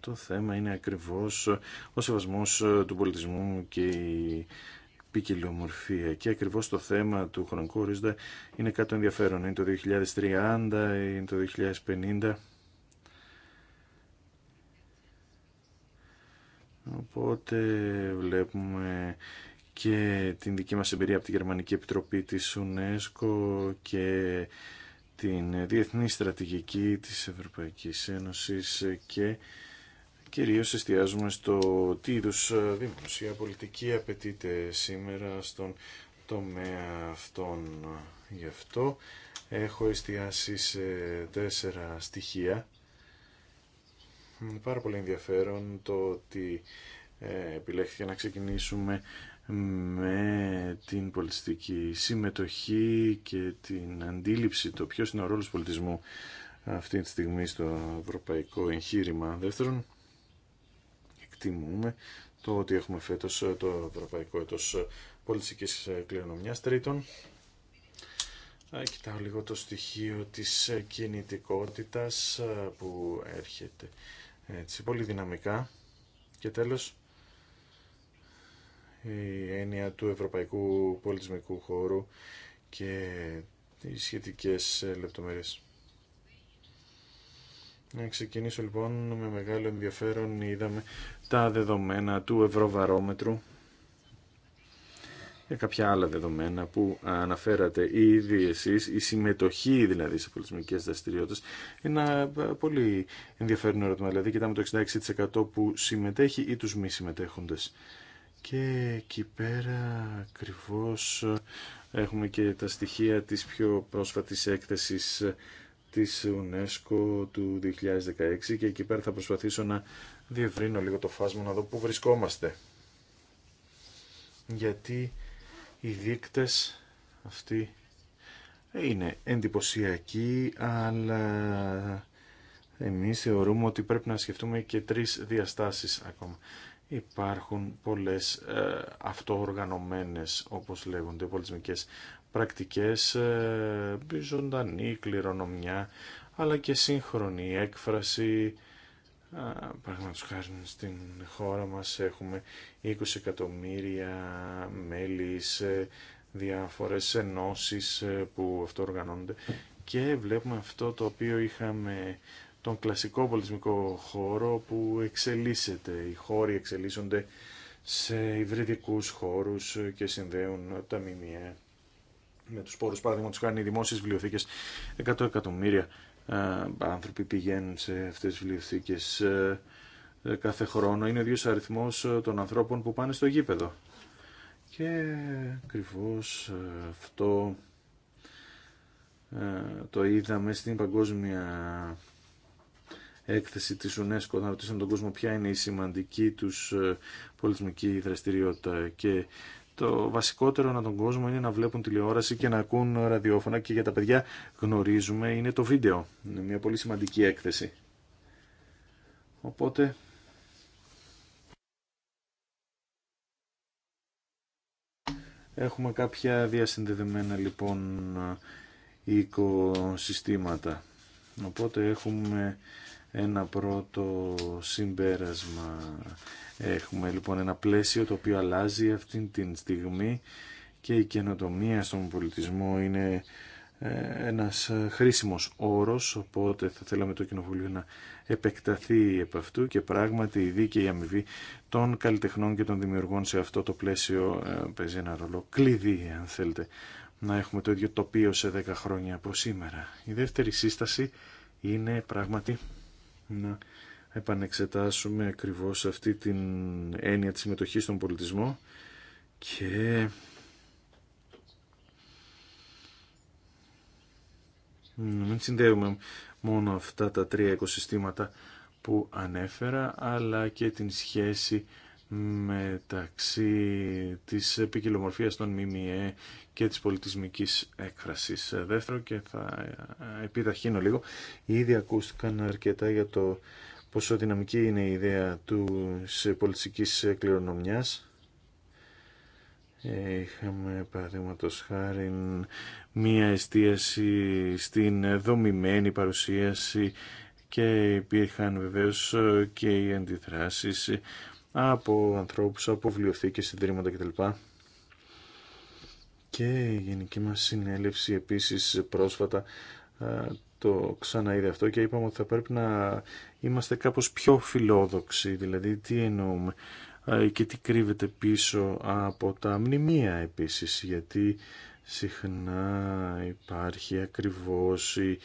S2: το θέμα είναι ακριβώς ο σεβασμός του πολιτισμού και η ποικιλομορφία και ακριβώς το θέμα του χρονικού ορίζοντα είναι κάτι ενδιαφέρον. Είναι το 2030, είναι το 2050. Οπότε βλέπουμε και την δική μας εμπειρία από τη Γερμανική Επιτροπή της UNESCO και την Διεθνή Στρατηγική της Ευρωπαϊκής Ένωσης και κυρίως εστιάζουμε στο τι είδους δημοσία πολιτική απαιτείται σήμερα στον τομέα αυτών. Γι' αυτό έχω εστιάσει σε τέσσερα στοιχεία. πάρα πολύ ενδιαφέρον το ότι ε, επιλέχθηκε να ξεκινήσουμε με την πολιτιστική συμμετοχή και την αντίληψη το ποιος είναι ο ρόλος του πολιτισμού αυτή τη στιγμή στο ευρωπαϊκό εγχείρημα. Δεύτερον, εκτιμούμε το ότι έχουμε φέτος το ευρωπαϊκό έτος πολιτιστικής κληρονομιάς. Τρίτον, κοιτάω λίγο το στοιχείο της κινητικότητας που έρχεται έτσι πολύ δυναμικά. Και τέλος, η έννοια του ευρωπαϊκού πολιτισμικού χώρου και οι σχετικές ε, λεπτομέρειες. Να ξεκινήσω λοιπόν με μεγάλο ενδιαφέρον είδαμε τα δεδομένα του Ευρωβαρόμετρου και κάποια άλλα δεδομένα που αναφέρατε ήδη εσείς, η συμμετοχή δηλαδή σε πολιτισμικές δραστηριότητες, είναι ένα ε, πολύ ενδιαφέρον ερώτημα. Δηλαδή κοιτάμε το 66% που συμμετέχει ή τους μη συμμετέχοντες και εκεί πέρα ακριβώς έχουμε και τα στοιχεία της πιο πρόσφατης έκθεσης της UNESCO του 2016 και εκεί πέρα θα προσπαθήσω να διευρύνω λίγο το φάσμα να δω πού βρισκόμαστε. Γιατί οι δείκτες αυτοί είναι εντυπωσιακοί, αλλά εμείς θεωρούμε ότι πρέπει να σκεφτούμε και τρεις διαστάσεις ακόμα υπάρχουν πολλές ε, αυτοοργανωμένες, όπως λέγονται, πολιτισμικές πρακτικές, ε, ζωντανή κληρονομιά, αλλά και σύγχρονη έκφραση. Παραδείγματος χάρη στην χώρα μας έχουμε 20 εκατομμύρια μέλη σε διάφορες ενώσεις ε, που αυτοοργανώνονται και βλέπουμε αυτό το οποίο είχαμε τον κλασικό πολιτισμικό χώρο που εξελίσσεται. Οι χώροι εξελίσσονται σε υβριδικούς χώρους και συνδέουν τα ΜΜΕ με τους πόρους. Παράδειγμα τους κάνει οι δημόσιες βιβλιοθήκες. 100 εκατομμύρια άνθρωποι πηγαίνουν σε αυτές τις βιβλιοθήκες ε, ε, κάθε χρόνο. Είναι ο ίδιος αριθμός ε, των ανθρώπων που πάνε στο γήπεδο. Και ακριβώ αυτό το είδαμε στην παγκόσμια έκθεση της UNESCO να ρωτήσουν τον κόσμο ποια είναι η σημαντική τους ε, πολιτισμική δραστηριότητα και το βασικότερο να τον κόσμο είναι να βλέπουν τηλεόραση και να ακούν ραδιόφωνα και για τα παιδιά γνωρίζουμε είναι το βίντεο. Είναι μια πολύ σημαντική έκθεση. Οπότε έχουμε κάποια διασυνδεδεμένα λοιπόν οικοσυστήματα. Οπότε έχουμε ένα πρώτο συμπέρασμα. Έχουμε λοιπόν ένα πλαίσιο το οποίο αλλάζει αυτή την στιγμή και η καινοτομία στον πολιτισμό είναι ε, ένας χρήσιμος όρος, οπότε θα θέλαμε το Κοινοβουλίο να επεκταθεί επ' αυτού και πράγματι η δίκαιη αμοιβή των καλλιτεχνών και των δημιουργών σε αυτό το πλαίσιο ε, παίζει ένα ρόλο κλειδί, αν θέλετε, να έχουμε το ίδιο τοπίο σε 10 χρόνια από σήμερα. Η δεύτερη σύσταση είναι πράγματι να επανεξετάσουμε ακριβώς αυτή την έννοια της συμμετοχής στον πολιτισμό και να μην συνδέουμε μόνο αυτά τα τρία οικοσυστήματα που ανέφερα αλλά και την σχέση μεταξύ της ποικιλομορφίας των ΜΜΕ και της πολιτισμικής έκφρασης. Δεύτερο και θα επιταχύνω λίγο, ήδη ακούστηκαν αρκετά για το πόσο δυναμική είναι η ιδέα του πολιτιστικής κληρονομιάς. Ε, είχαμε παραδείγματο χάρη μία εστίαση στην δομημένη παρουσίαση και υπήρχαν βεβαίως και οι αντιδράσεις από ανθρώπους, από βιβλιοθήκες, συντρίμματα κτλ. Και η Γενική μας Συνέλευση επίσης πρόσφατα το ξαναείδε αυτό και είπαμε ότι θα πρέπει να είμαστε κάπως πιο φιλόδοξοι, δηλαδή τι εννοούμε και τι κρύβεται πίσω από τα μνημεία επίσης, γιατί συχνά υπάρχει ακριβώς η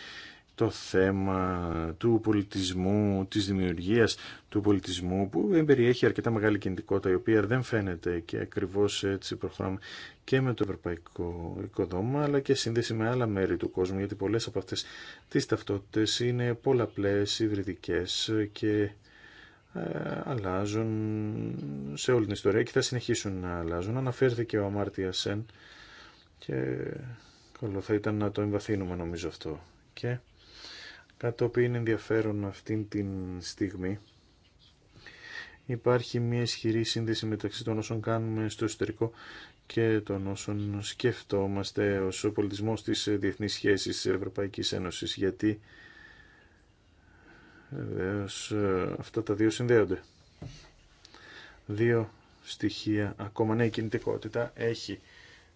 S2: το θέμα του πολιτισμού, της δημιουργίας του πολιτισμού που περιέχει αρκετά μεγάλη κινητικότητα η οποία δεν φαίνεται και ακριβώς έτσι προχωράμε και με το ευρωπαϊκό οικοδόμα αλλά και σύνδεση με άλλα μέρη του κόσμου γιατί πολλές από αυτές τις ταυτότητες είναι πολλαπλές, υβριδικές και ε, αλλάζουν σε όλη την ιστορία και θα συνεχίσουν να αλλάζουν. Αναφέρθηκε ο Αμάρτια Σεν και καλό θα ήταν να το εμβαθύνουμε νομίζω αυτό. Και Κάτι το οποίο είναι ενδιαφέρον αυτή τη στιγμή. Υπάρχει μια ισχυρή σύνδεση μεταξύ των όσων κάνουμε στο εσωτερικό και των όσων σκεφτόμαστε ως ο πολιτισμός της διεθνής σχέσης της Ευρωπαϊκής Ένωσης, γιατί βεβαίω ε, αυτά τα δύο συνδέονται. Δύο στοιχεία ακόμα. Ναι, η κινητικότητα έχει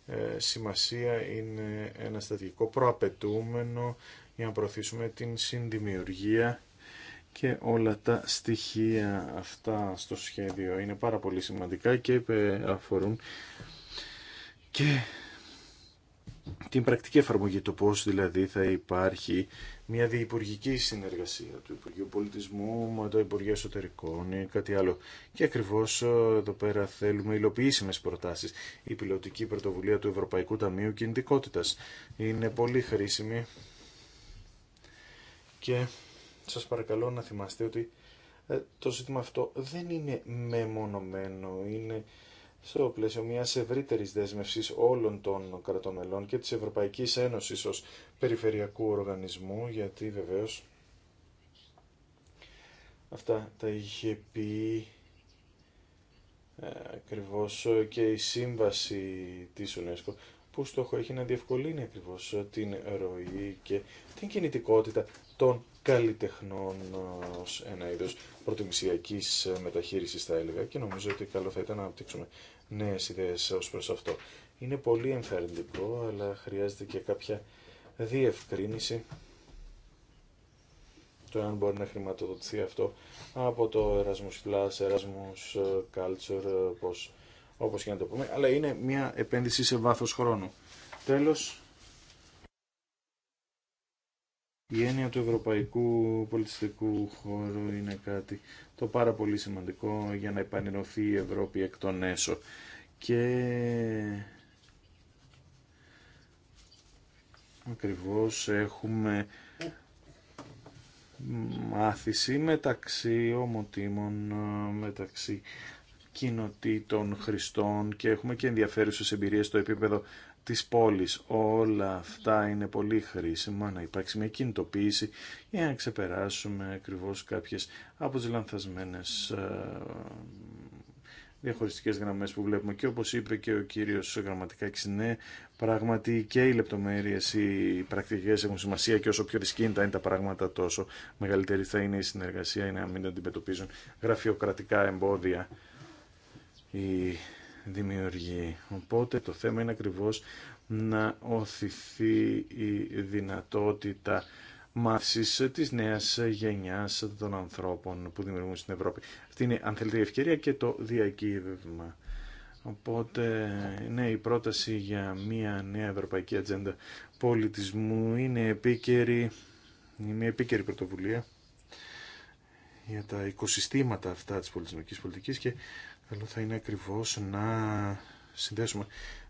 S2: ε, σημασία, είναι ένα στατικό προαπαιτούμενο για να προωθήσουμε την συνδημιουργία και όλα τα στοιχεία αυτά στο σχέδιο είναι πάρα πολύ σημαντικά και αφορούν και την πρακτική εφαρμογή, το πώς δηλαδή θα υπάρχει μια διυπουργική συνεργασία του Υπουργείου Πολιτισμού με το Υπουργείο Εσωτερικών ή κάτι άλλο. Και ακριβώς ε, εδώ πέρα θέλουμε υλοποιήσιμες προτάσεις. Η πιλωτική πρωτοβουλία του Ευρωπαϊκού Ταμείου Κινητικότητας είναι πολύ χρήσιμη και σας παρακαλώ να θυμάστε ότι ε, το ζήτημα αυτό δεν είναι μεμονωμένο, είναι στο πλαίσιο μιας ευρύτερης δέσμευσης όλων των κρατών και της Ευρωπαϊκής Ένωσης ως περιφερειακού οργανισμού, γιατί βεβαίως αυτά τα είχε πει ε, ακριβώ και η σύμβαση της UNESCO που στόχο έχει να διευκολύνει ακριβώς την ροή και την κινητικότητα των καλλιτεχνών ως ένα είδος προτιμησιακής μεταχείρισης θα έλεγα και νομίζω ότι καλό θα ήταν να αναπτύξουμε νέες ιδέες ως προς αυτό. Είναι πολύ ενθαρρυντικό αλλά χρειάζεται και κάποια διευκρίνηση το αν μπορεί να χρηματοδοτηθεί αυτό από το Erasmus Plus, Erasmus ε, Culture, ε, πώς, όπως και να το πούμε, αλλά είναι μια επένδυση σε βάθος χρόνου. Τέλος, η έννοια του ευρωπαϊκού πολιτιστικού χώρου είναι κάτι το πάρα πολύ σημαντικό για να επανενωθεί η Ευρώπη εκ των έσω. Και ακριβώς έχουμε μάθηση μεταξύ ομοτήμων, μεταξύ κοινοτήτων, χρηστών και έχουμε και ενδιαφέρουσες εμπειρίες στο επίπεδο της πόλης. Όλα αυτά είναι πολύ χρήσιμα να υπάρξει μια κινητοποίηση για να ξεπεράσουμε ακριβώς κάποιες από τις λανθασμένες ε, διαχωριστικές γραμμές που βλέπουμε και όπως είπε και ο κύριος γραμματικά ναι πράγματι και οι λεπτομέρειες οι πρακτικές έχουν σημασία και όσο πιο δυσκίνητα είναι τα πράγματα τόσο μεγαλύτερη θα είναι η συνεργασία ή να μην αντιμετωπίζουν γραφειοκρατικά εμπόδια οι δημιουργεί. Οπότε το θέμα είναι ακριβώς να οθηθεί η δυνατότητα μάθησης της νέας γενιάς των ανθρώπων που δημιουργούν στην Ευρώπη. Αυτή είναι, αν θέλετε, η ευκαιρία και το διακύβευμα. Οπότε, ναι, η πρόταση για μια νέα ευρωπαϊκή ατζέντα πολιτισμού είναι επίκαιρη, είναι μια επίκαιρη πρωτοβουλία για τα οικοσυστήματα αυτά της πολιτισμικής πολιτικής και καλό θα είναι ακριβώς να συνδέσουμε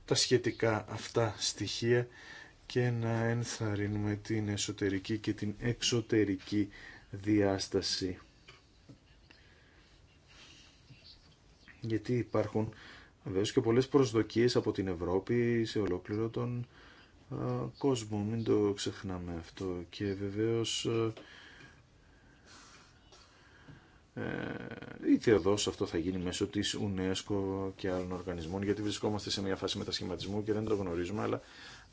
S2: τα σχετικά αυτά στοιχεία και να ενθαρρύνουμε την εσωτερική και την εξωτερική διάσταση. Γιατί υπάρχουν βεβαίως και πολλές προσδοκίες από την Ευρώπη σε ολόκληρο τον κόσμο. Μην το ξεχνάμε αυτό. Και βεβαίως η ε, σε αυτό θα γίνει μέσω της UNESCO και άλλων οργανισμών γιατί βρισκόμαστε σε μια φάση μετασχηματισμού και δεν το γνωρίζουμε αλλά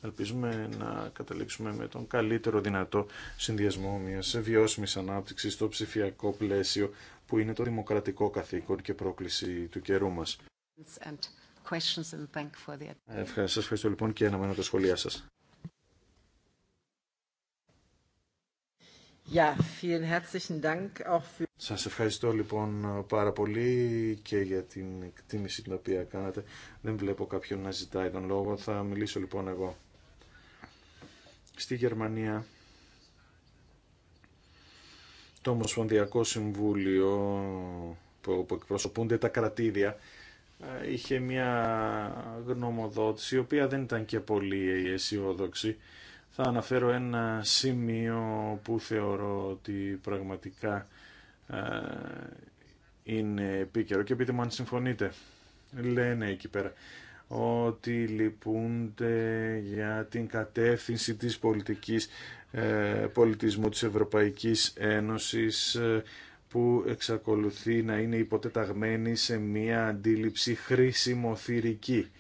S2: ελπίζουμε να καταλήξουμε με τον καλύτερο δυνατό συνδυασμό μιας βιώσιμης ανάπτυξης στο ψηφιακό πλαίσιο που είναι το δημοκρατικό καθήκον και πρόκληση του καιρού μας. Ε, Σα ευχαριστώ λοιπόν και αναμένω τα σχόλιά σας. Σας ευχαριστώ λοιπόν πάρα πολύ και για την εκτίμηση την οποία κάνατε. Δεν βλέπω κάποιον να ζητάει τον λόγο. Θα μιλήσω λοιπόν εγώ. Στη Γερμανία το Ομοσπονδιακό Συμβούλιο που εκπροσωπούνται τα κρατήδια ε, είχε μια γνωμοδότηση η οποία δεν ήταν και πολύ αισιόδοξη θα αναφέρω ένα σημείο που θεωρώ ότι πραγματικά ε, είναι επίκαιρο και πείτε μου αν συμφωνείτε. Λένε εκεί πέρα ότι λυπούνται για την κατεύθυνση της πολιτικής ε, πολιτισμού της Ευρωπαϊκής Ένωσης ε, που εξακολουθεί να είναι υποτεταγμένη σε μία αντίληψη χρήσιμοθυρική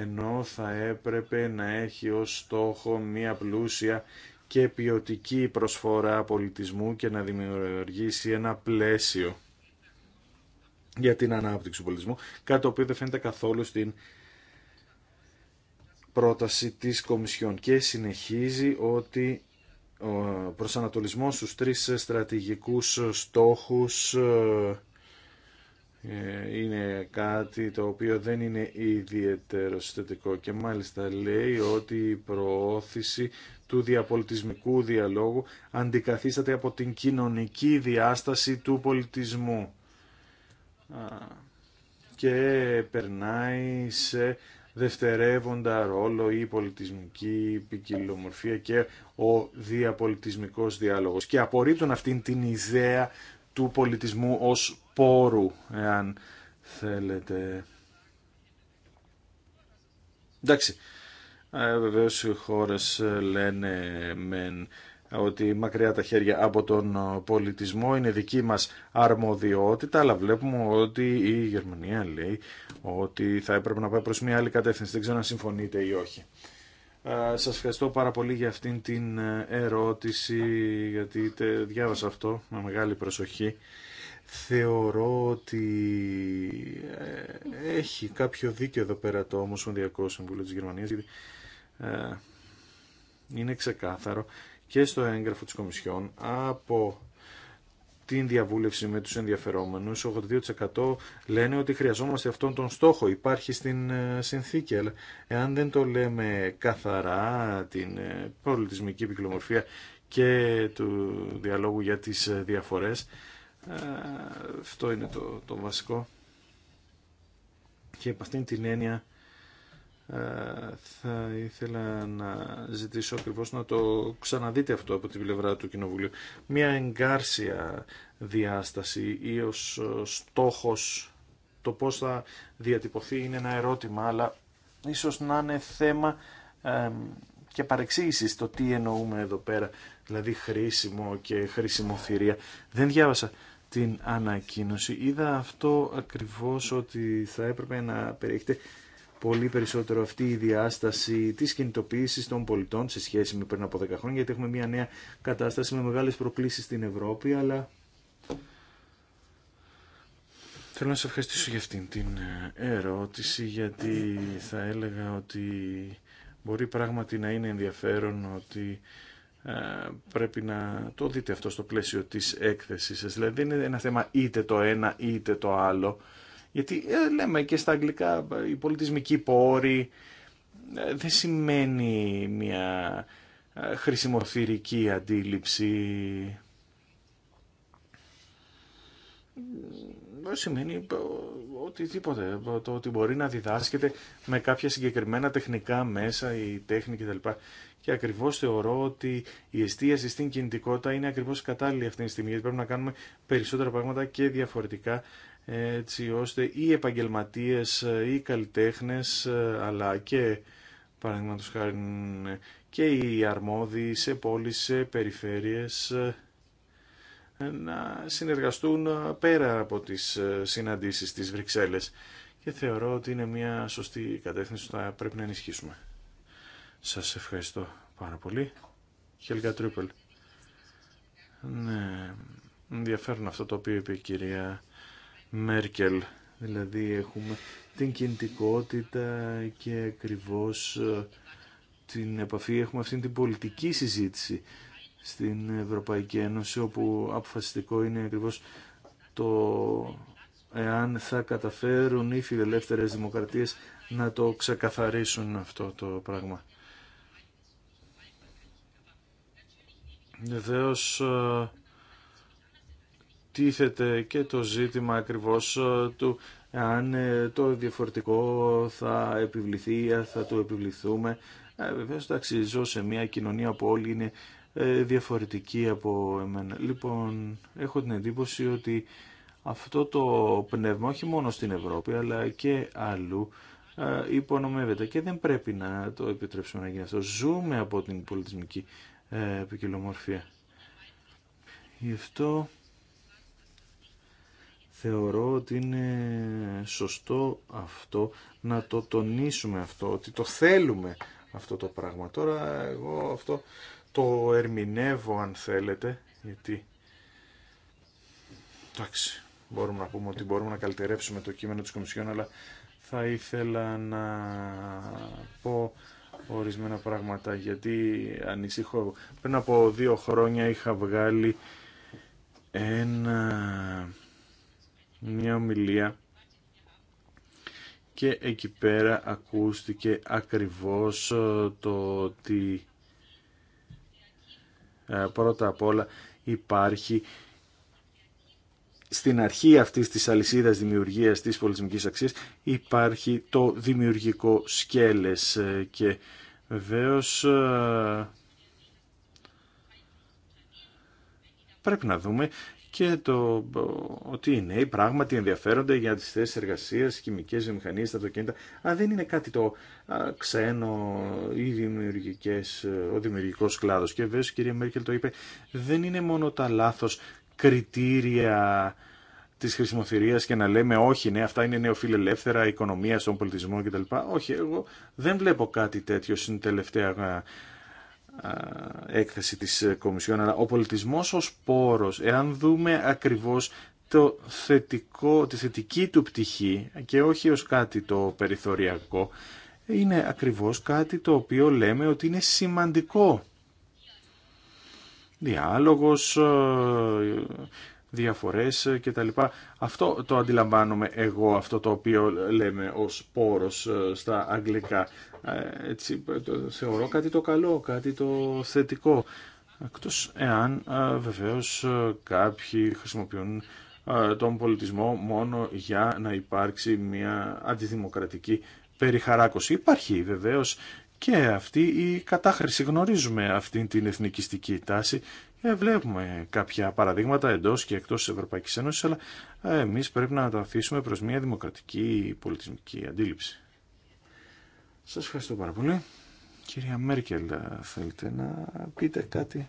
S2: ενώ θα έπρεπε να έχει ως στόχο μία πλούσια και ποιοτική προσφορά πολιτισμού και να δημιουργήσει ένα πλαίσιο για την ανάπτυξη του πολιτισμού, κάτι το οποίο δεν φαίνεται καθόλου στην πρόταση της Κομισιόν και συνεχίζει ότι ο προσανατολισμός στους τρεις στρατηγικούς στόχους ε, ε, είναι κάτι το οποίο δεν είναι ιδιαίτερο συστατικό και μάλιστα λέει ότι η προώθηση του διαπολιτισμικού διαλόγου αντικαθίσταται από την κοινωνική διάσταση του πολιτισμού και περνάει σε δευτερεύοντα ρόλο η πολιτισμική ποικιλομορφία και ο διαπολιτισμικός διάλογος και απορρίπτουν αυτήν την ιδέα του πολιτισμού ως πόρου, εάν θέλετε. Εντάξει, ε, βεβαίως οι χώρε ε, λένε μεν ότι μακριά τα χέρια από τον ε, πολιτισμό είναι δική μας αρμοδιότητα, αλλά βλέπουμε ότι η Γερμανία λέει ότι θα έπρεπε να πάει προς μια άλλη κατεύθυνση. Δεν ξέρω αν συμφωνείτε ή όχι. Ε, σας ευχαριστώ πάρα πολύ για αυτήν την ερώτηση, γιατί διάβασα αυτό με μεγάλη προσοχή θεωρώ ότι ε, έχει κάποιο δίκαιο εδώ πέρα το Ομοσπονδιακό Συμβούλιο της Γερμανίας γιατί ε, είναι ξεκάθαρο και στο έγγραφο της Κομισιόν από την διαβούλευση με τους ενδιαφερόμενους 82% λένε ότι χρειαζόμαστε αυτόν τον στόχο υπάρχει στην ε, συνθήκη αλλά εάν δεν το λέμε καθαρά την πολιτισμική πυκλομορφία και του διαλόγου για τις διαφορές ε, αυτό είναι το, το βασικό. Και από αυτήν την έννοια ε, θα ήθελα να ζητήσω ακριβώ να το ξαναδείτε αυτό από την πλευρά του Κοινοβουλίου. Μια εγκάρσια διάσταση ή ως ε, στόχος το πώς θα διατυπωθεί είναι ένα ερώτημα, αλλά ίσως να είναι θέμα και παρεξήγηση το τι εννοούμε εδώ πέρα δηλαδή χρήσιμο και χρησιμοφυρία. Δεν διάβασα την ανακοίνωση. Είδα αυτό ακριβώς ότι θα έπρεπε να περιέχεται πολύ περισσότερο αυτή η διάσταση της κινητοποίησης των πολιτών σε σχέση με πριν από 10 χρόνια, γιατί έχουμε μια νέα κατάσταση με μεγάλες προκλήσεις στην Ευρώπη, αλλά Θέλω να σε ευχαριστήσω για αυτήν την ε, ερώτηση γιατί θα έλεγα ότι μπορεί πράγματι να είναι ενδιαφέρον ότι ε, πρέπει να το δείτε αυτό στο πλαίσιο της έκθεσης σας. Δηλαδή είναι ένα θέμα είτε το ένα είτε το άλλο. Γιατί ε, λέμε και στα αγγλικά η πολιτισμική πόρη ε, δεν σημαίνει μια ε, χρησιμοθυρική αντίληψη σημαίνει οτιδήποτε. Το ότι μπορεί να διδάσκεται με κάποια συγκεκριμένα τεχνικά μέσα, η τέχνη κτλ. Και ακριβώς θεωρώ ότι η εστίαση στην κινητικότητα είναι ακριβώς κατάλληλη αυτή τη στιγμή, γιατί πρέπει να κάνουμε περισσότερα πράγματα και διαφορετικά, έτσι ώστε οι επαγγελματίες, ή καλλιτέχνες, αλλά και παραδείγματος χάρη και οι αρμόδιοι σε πόλεις, σε περιφέρειες, να συνεργαστούν πέρα από τις ε, συναντήσεις της Βρυξέλλες και θεωρώ ότι είναι μια σωστή κατεύθυνση που θα πρέπει να ενισχύσουμε. Σας ευχαριστώ πάρα πολύ. Χέλγα Τρίπελ Ναι, ενδιαφέρον αυτό το οποίο είπε η κυρία Μέρκελ. Δηλαδή έχουμε την κινητικότητα και ακριβώς ε, την επαφή έχουμε αυτή την πολιτική συζήτηση στην Ευρωπαϊκή Ένωση όπου αποφασιστικό είναι ακριβώς το εάν θα καταφέρουν οι φιλελεύθερες δημοκρατίες να το ξεκαθαρίσουν αυτό το πράγμα. Βεβαίω ε, τίθεται και το ζήτημα ακριβώς ε, του αν ε, το διαφορετικό θα επιβληθεί ή θα το επιβληθούμε. Βεβαίω εντάξει, ζω σε μια κοινωνία που όλοι είναι ε, διαφορετική από εμένα. Λοιπόν, έχω την εντύπωση ότι αυτό το πνεύμα, όχι μόνο στην Ευρώπη, αλλά και αλλού, ε, υπονομεύεται και δεν πρέπει να το επιτρέψουμε να γίνει αυτό. Ζούμε από την πολιτισμική ε, ποικιλομορφία. Γι' αυτό θεωρώ ότι είναι σωστό αυτό να το τονίσουμε αυτό, ότι το θέλουμε αυτό το πράγμα. Τώρα εγώ αυτό το ερμηνεύω αν θέλετε, γιατί εντάξει, μπορούμε να πούμε ότι μπορούμε να καλυτερεύσουμε το κείμενο της Κομισιόν, αλλά θα ήθελα να πω ορισμένα πράγματα, γιατί ανησυχώ. Πριν από δύο χρόνια είχα βγάλει ένα, μια ομιλία και εκεί πέρα ακούστηκε ακριβώς το ότι ε, πρώτα απ' όλα υπάρχει στην αρχή αυτής της αλυσίδας δημιουργίας της πολιτισμικής αξίας υπάρχει το δημιουργικό σκέλες ε, και βεβαίω ε, πρέπει να δούμε και το ότι οι νέοι πράγματι ενδιαφέρονται για τις θέσεις εργασίας, χημικές βιομηχανίες, τα αυτοκίνητα. Αλλά δεν είναι κάτι το ξένο ή δημιουργικές, ε, ο δημιουργικός κλάδος. Και βέβαια η κυρία Μέρκελ το είπε, δεν είναι μόνο τα λάθος κριτήρια της χρησιμοθυρίας και να λέμε όχι, ναι, αυτά είναι νεοφιλελεύθερα, οικονομία στον πολιτισμό κτλ. Όχι, εγώ δεν βλέπω κάτι τέτοιο στην τελευταία έκθεση της Κομισιόν, αλλά ο πολιτισμός ως πόρος, εάν δούμε ακριβώς το θετικό, τη θετική του πτυχή και όχι ως κάτι το περιθωριακό, είναι ακριβώς κάτι το οποίο λέμε ότι είναι σημαντικό. Διάλογος, ε, διαφορές ε, και τα λοιπά. Αυτό το αντιλαμβάνομαι εγώ, αυτό το οποίο λέμε ως πόρος ε, στα αγγλικά. Ε, έτσι, το θεωρώ κάτι το καλό, κάτι το θετικό. Εκτός εάν βεβαίως κάποιοι χρησιμοποιούν τον πολιτισμό μόνο για να υπάρξει μια αντιδημοκρατική περιχαράκωση. Υπάρχει βεβαίως και αυτή η κατάχρηση. Γνωρίζουμε αυτή την εθνικιστική τάση ε, βλέπουμε κάποια παραδείγματα εντό και εκτός της Ευρωπαϊκή Ένωσης, αλλά ε, εμείς πρέπει να τα αφήσουμε προς μια δημοκρατική πολιτισμική αντίληψη. Σας ευχαριστώ πάρα πολύ. Κυρία Μέρκελ, θέλετε να πείτε κάτι.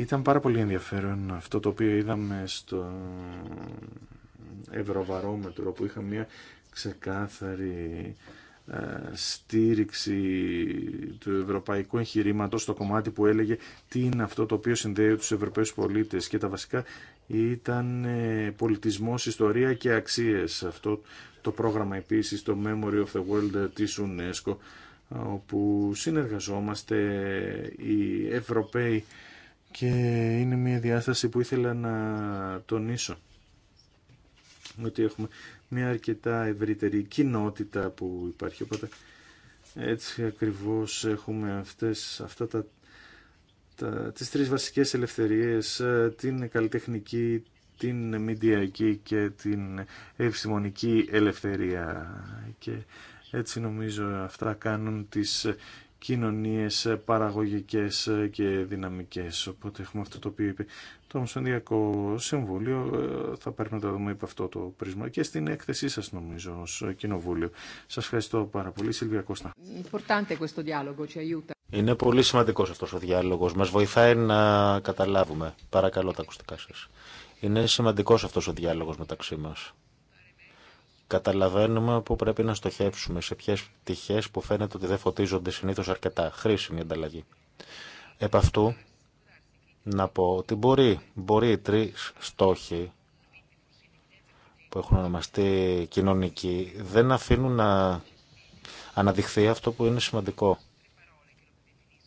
S2: Ήταν πάρα πολύ ενδιαφέρον αυτό το οποίο είδαμε στο ευρωβαρόμετρο που είχα μια ξεκάθαρη ε, στήριξη του ευρωπαϊκού εγχειρήματο στο κομμάτι που έλεγε τι είναι αυτό το οποίο συνδέει τους Ευρωπαίους πολίτες και τα βασικά ήταν ε, πολιτισμός, ιστορία και αξίες. Αυτό το πρόγραμμα επίσης, το Memory of the World της UNESCO όπου συνεργαζόμαστε οι Ευρωπαίοι και είναι μια διάσταση που ήθελα να τονίσω ότι έχουμε μια αρκετά ευρύτερη κοινότητα που υπάρχει οπότε έτσι ακριβώς έχουμε αυτές, αυτά τα, τα, τις τρεις βασικές ελευθερίες ε, την καλλιτεχνική, την μηντιακή και την επιστημονική ελευθερία και έτσι νομίζω αυτά κάνουν τις κοινωνίες ε, παραγωγικές ε, και δυναμικές. Οπότε έχουμε αυτό το οποίο είπε το Ομοσπονδιακό Συμβούλιο. Ε, θα πρέπει να το δούμε υπό αυτό το πρίσμα και στην έκθεσή σας νομίζω ως Κοινοβούλιο. Σας ευχαριστώ πάρα πολύ. Σιλβία Κώστα. Είναι πολύ σημαντικός αυτός ο διάλογος. Μας βοηθάει
S3: να καταλάβουμε. Παρακαλώ τα ακουστικά σας. Είναι σημαντικός αυτός ο διάλογος μεταξύ μας. Καταλαβαίνουμε πού πρέπει να στοχεύσουμε, σε ποιε πτυχέ που φαίνεται ότι δεν φωτίζονται συνήθω αρκετά. Χρήσιμη ανταλλαγή. Επ' αυτού, να πω ότι μπορεί, μπορεί οι τρει στόχοι που έχουν ονομαστεί κοινωνικοί δεν αφήνουν να αναδειχθεί αυτό που είναι σημαντικό.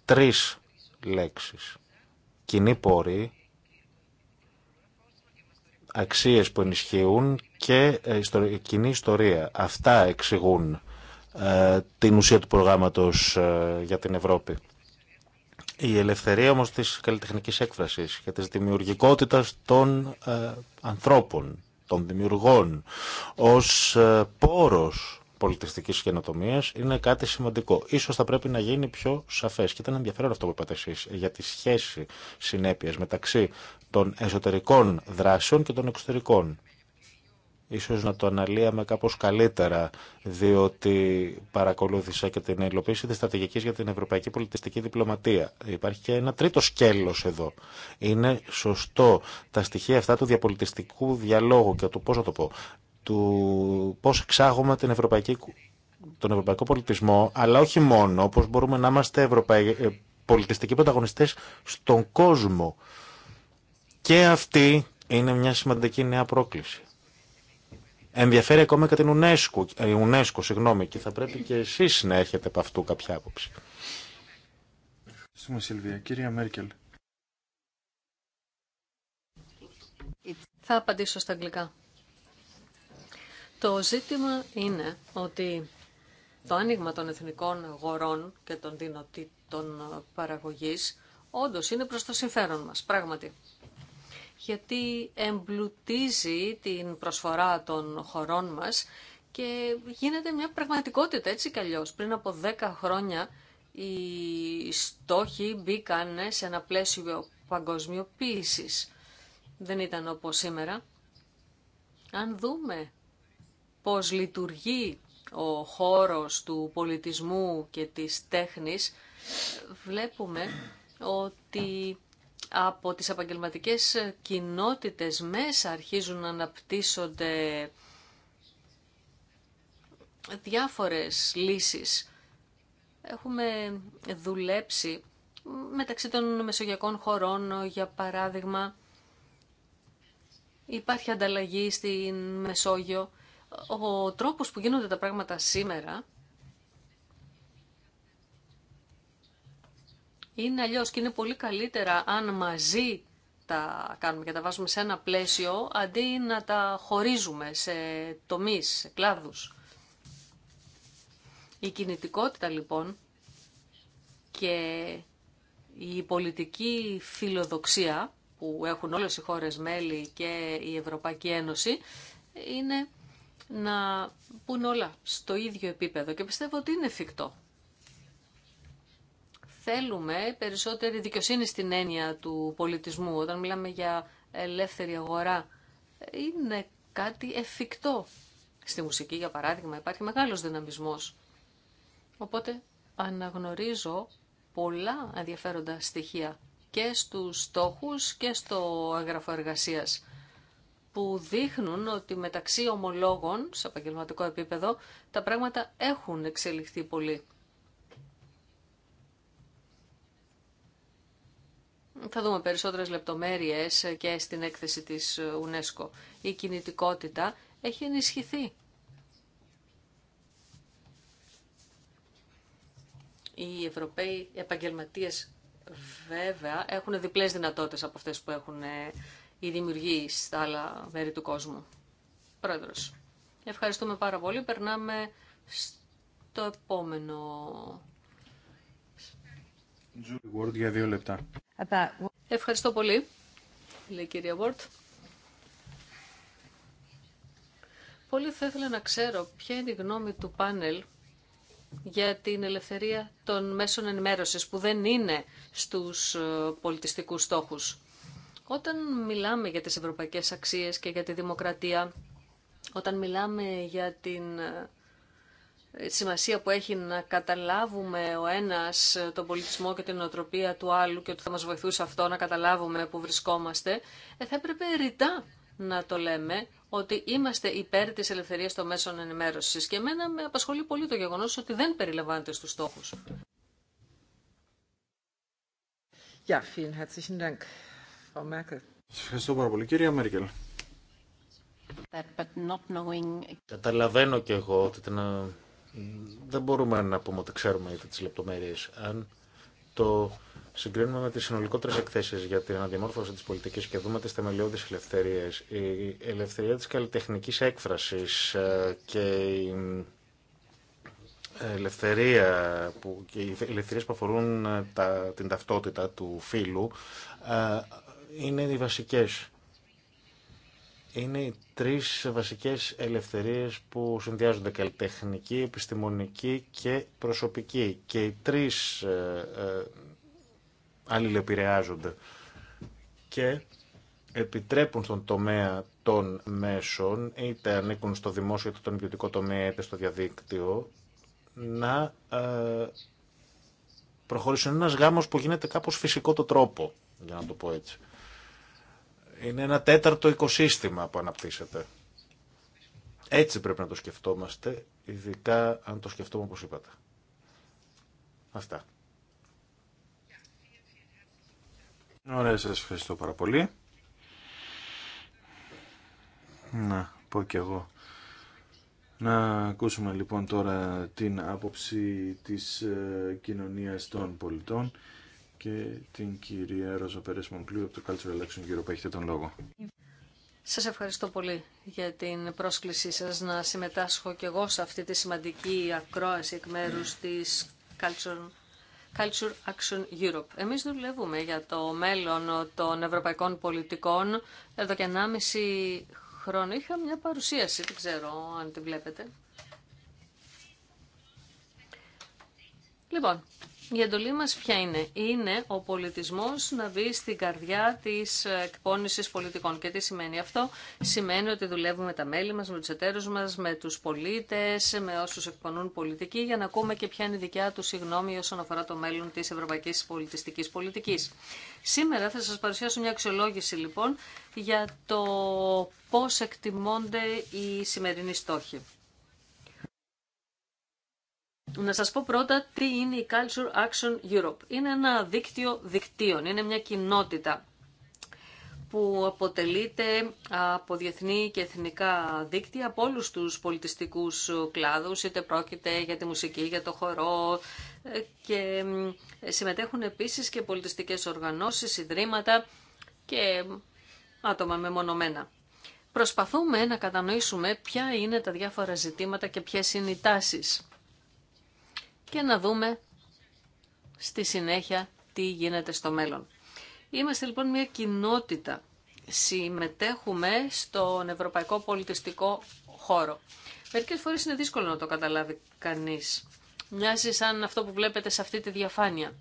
S3: Τρεις λέξεις. Κοινή πόρη, αξίες που ενισχύουν και η ε, κοινή ιστορία. Αυτά εξηγούν ε, την ουσία του προγράμματος ε, για την Ευρώπη. Η ελευθερία όμως της καλλιτεχνικής έκφρασης και της δημιουργικότητας των ανθρώπων, των δημιουργών, ως πόρος πολιτιστικής καινοτομία είναι κάτι σημαντικό. Ίσως θα πρέπει να γίνει πιο σαφές. Και ήταν ενδιαφέρον αυτό που είπατε εσείς για τη σχέση συνέπειας μεταξύ των εσωτερικών δράσεων και των εξωτερικών Ίσως να το αναλύαμε κάπως καλύτερα, διότι παρακολούθησα και την υλοποίηση της στρατηγικής για την Ευρωπαϊκή Πολιτιστική Διπλωματία. Υπάρχει και ένα τρίτο σκέλος εδώ. Είναι σωστό τα στοιχεία αυτά του διαπολιτιστικού διαλόγου και του, πώς να το πω, του πώς εξάγουμε την Ευρωπαϊκή τον ευρωπαϊκό πολιτισμό, αλλά όχι μόνο, όπως μπορούμε να είμαστε ευρωπαϊ... Ε, πολιτιστικοί πρωταγωνιστές στον κόσμο. Και αυτή είναι μια σημαντική νέα πρόκληση. Ενδιαφέρει ακόμα και την UNESCO, ε, UNESCO συγγνώμη, και θα πρέπει και εσείς
S2: να έχετε από αυτού κάποια άποψη. Ευχαριστούμε Σιλβία. Κυρία Μέρκελ.
S4: Θα απαντήσω στα αγγλικά. Το ζήτημα είναι ότι το άνοιγμα των εθνικών αγορών και των δυνατήτων παραγωγής όντως είναι προς το συμφέρον μας, πράγματι γιατί εμπλουτίζει την προσφορά των χωρών μας και γίνεται μια πραγματικότητα έτσι κι αλλιώς. Πριν από 10 χρόνια οι στόχοι μπήκαν σε ένα πλαίσιο παγκοσμιοποίησης. Δεν ήταν όπως σήμερα. Αν δούμε πώς λειτουργεί ο χώρος του πολιτισμού και της τέχνης, βλέπουμε ότι από τις επαγγελματικέ κοινότητες μέσα αρχίζουν να αναπτύσσονται διάφορες λύσεις. Έχουμε δουλέψει μεταξύ των μεσογειακών χωρών, για παράδειγμα, υπάρχει ανταλλαγή στην Μεσόγειο. Ο τρόπος που γίνονται τα πράγματα σήμερα είναι αλλιώ και είναι πολύ καλύτερα αν μαζί τα κάνουμε και τα βάζουμε σε ένα πλαίσιο αντί να τα χωρίζουμε σε τομεί, σε κλάδου. Η κινητικότητα λοιπόν και η πολιτική φιλοδοξία που έχουν όλες οι χώρες μέλη και η Ευρωπαϊκή Ένωση είναι να πουν όλα στο ίδιο επίπεδο και πιστεύω ότι είναι εφικτό θέλουμε περισσότερη δικαιοσύνη στην έννοια του πολιτισμού. Όταν μιλάμε για ελεύθερη αγορά, είναι κάτι εφικτό. Στη μουσική, για παράδειγμα, υπάρχει μεγάλος δυναμισμός. Οπότε αναγνωρίζω πολλά ενδιαφέροντα στοιχεία και στους στόχους και στο έγγραφο που δείχνουν ότι μεταξύ ομολόγων σε επαγγελματικό επίπεδο τα πράγματα έχουν εξελιχθεί πολύ. Θα δούμε περισσότερες λεπτομέρειες και στην έκθεση της UNESCO. Η κινητικότητα έχει ενισχυθεί. Οι Ευρωπαίοι επαγγελματίες βέβαια έχουν διπλές δυνατότητες από αυτές που έχουν ε, οι δημιουργοί στα άλλα μέρη του κόσμου. Πρόεδρος, ευχαριστούμε πάρα πολύ. Περνάμε στο επόμενο.
S2: για δύο λεπτά.
S4: Ευχαριστώ πολύ, λέει η κυρία Βόρτ. Πολύ θα ήθελα να ξέρω ποια είναι η γνώμη του πάνελ για την ελευθερία των μέσων ενημέρωσης που δεν είναι στους ε, πολιτιστικούς στόχους. Όταν μιλάμε για τις ευρωπαϊκές αξίες και για τη δημοκρατία, όταν μιλάμε για την ε, σημασία που έχει να καταλάβουμε ο ένας τον πολιτισμό και την οτροπία του άλλου και ότι θα μας βοηθούσε αυτό να καταλάβουμε που βρισκόμαστε, ε, θα έπρεπε ρητά να το λέμε ότι είμαστε υπέρ της ελευθερίας των μέσων ενημέρωσης και εμένα με απασχολεί πολύ το γεγονός ότι δεν περιλαμβάνεται στους στόχους.
S1: Ja, vielen herzlichen Dank, Frau Merkel.
S3: Καταλαβαίνω και εγώ ότι δεν μπορούμε να πούμε ότι ξέρουμε ήδη τις λεπτομέρειες. Αν το συγκρίνουμε με τις συνολικότερες εκθέσεις για την αναδιαμόρφωση της πολιτικής και δούμε τις θεμελιώδεις ελευθερίες, η ελευθερία της καλλιτεχνικής έκφρασης ε, και η ε, ελευθερία που, και οι ελευθερίες που αφορούν ε, τα, την ταυτότητα του φίλου είναι οι βασικές είναι οι τρεις βασικές ελευθερίες που συνδυάζονται καλλιτεχνική, επιστημονική και προσωπική. Και οι τρεις ε, ε, αλληλεπηρεάζονται και επιτρέπουν στον τομέα των μέσων, είτε ανήκουν στο δημόσιο, είτε στον ιδιωτικό τομέα, είτε στο διαδίκτυο, να ε, προχωρήσουν. ένας γάμος που γίνεται κάπως φυσικό το τρόπο, για να το πω έτσι. Είναι ένα τέταρτο οικοσύστημα που αναπτύσσεται. Έτσι πρέπει να το σκεφτόμαστε, ειδικά αν το σκεφτόμαστε όπως είπατε.
S2: Αυτά. Ωραία, σας ευχαριστώ πάρα πολύ. Να πω κι εγώ. Να ακούσουμε λοιπόν τώρα την άποψη της ε, κοινωνίας των πολιτών και την κυρία Ρόζα Περές Μονκλού από το Cultural Action Europe. Έχετε τον λόγο.
S4: Σας ευχαριστώ πολύ για την πρόσκλησή σας να συμμετάσχω και εγώ σε αυτή τη σημαντική ακρόαση εκ μέρους της Culture Culture Action Europe. Εμείς δουλεύουμε για το μέλλον των ευρωπαϊκών πολιτικών. Εδώ και 1,5 χρόνο είχα μια παρουσίαση, δεν ξέρω αν τη βλέπετε. Λοιπόν, η εντολή μας ποια είναι. Είναι ο πολιτισμός να μπει στην καρδιά της εκπόνησης πολιτικών. Και τι σημαίνει αυτό. Σημαίνει ότι δουλεύουμε με τα μέλη μας, με τους εταίρους μας, με τους πολίτες, με όσους εκπονούν πολιτική, για να ακούμε και ποια είναι η δικιά τους η γνώμη όσον αφορά το μέλλον της ευρωπαϊκής πολιτιστικής πολιτικής. Σήμερα θα σας παρουσιάσω μια αξιολόγηση λοιπόν για το πώς εκτιμώνται οι σημερινοί στόχοι. Να σας πω πρώτα τι είναι η Culture Action Europe. Είναι ένα δίκτυο δικτύων, είναι μια κοινότητα που αποτελείται από διεθνή και εθνικά δίκτυα από όλους τους πολιτιστικούς κλάδους, είτε πρόκειται για τη μουσική, για το χορό ε, και ε, συμμετέχουν επίσης και πολιτιστικές οργανώσεις, ιδρύματα και άτομα μεμονωμένα. Προσπαθούμε να κατανοήσουμε ποια είναι τα διάφορα ζητήματα και ποιες είναι οι τάσεις και να δούμε στη συνέχεια τι γίνεται στο μέλλον. Είμαστε λοιπόν μια κοινότητα. Συμμετέχουμε στον ευρωπαϊκό πολιτιστικό χώρο. Μερικές φορές είναι δύσκολο να το καταλάβει κανείς. Μοιάζει σαν αυτό που βλέπετε σε αυτή τη διαφάνεια.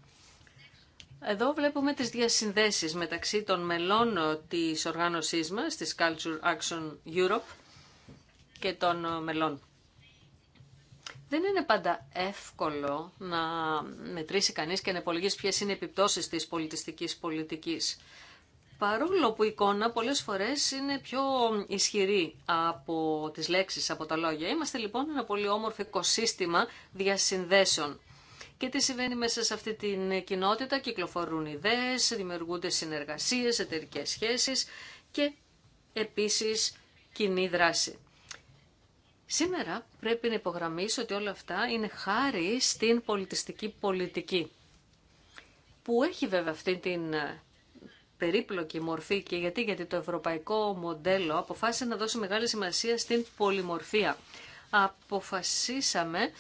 S4: Εδώ βλέπουμε τις διασυνδέσεις μεταξύ των μελών της οργάνωσής μας, της Culture Action Europe και των μελών. Δεν είναι πάντα εύκολο να μετρήσει κανείς και να υπολογίσει ποιες είναι οι επιπτώσεις της πολιτιστικής πολιτικής. Παρόλο που η εικόνα πολλές φορές είναι πιο ισχυρή από τις λέξεις, από τα λόγια. Είμαστε λοιπόν ένα πολύ όμορφο οικοσύστημα διασυνδέσεων. Και τι συμβαίνει μέσα σε αυτή την κοινότητα, κυκλοφορούν ιδέες, δημιουργούνται συνεργασίες, εταιρικές σχέσεις και επίσης κοινή δράση. Σήμερα πρέπει να υπογραμμίσω ότι όλα αυτά είναι χάρη στην πολιτιστική πολιτική, που έχει βέβαια αυτή την ε, περίπλοκη μορφή και γιατί, γιατί το ευρωπαϊκό μοντέλο αποφάσισε να δώσει μεγάλη σημασία στην πολυμορφία. Αποφασίσαμε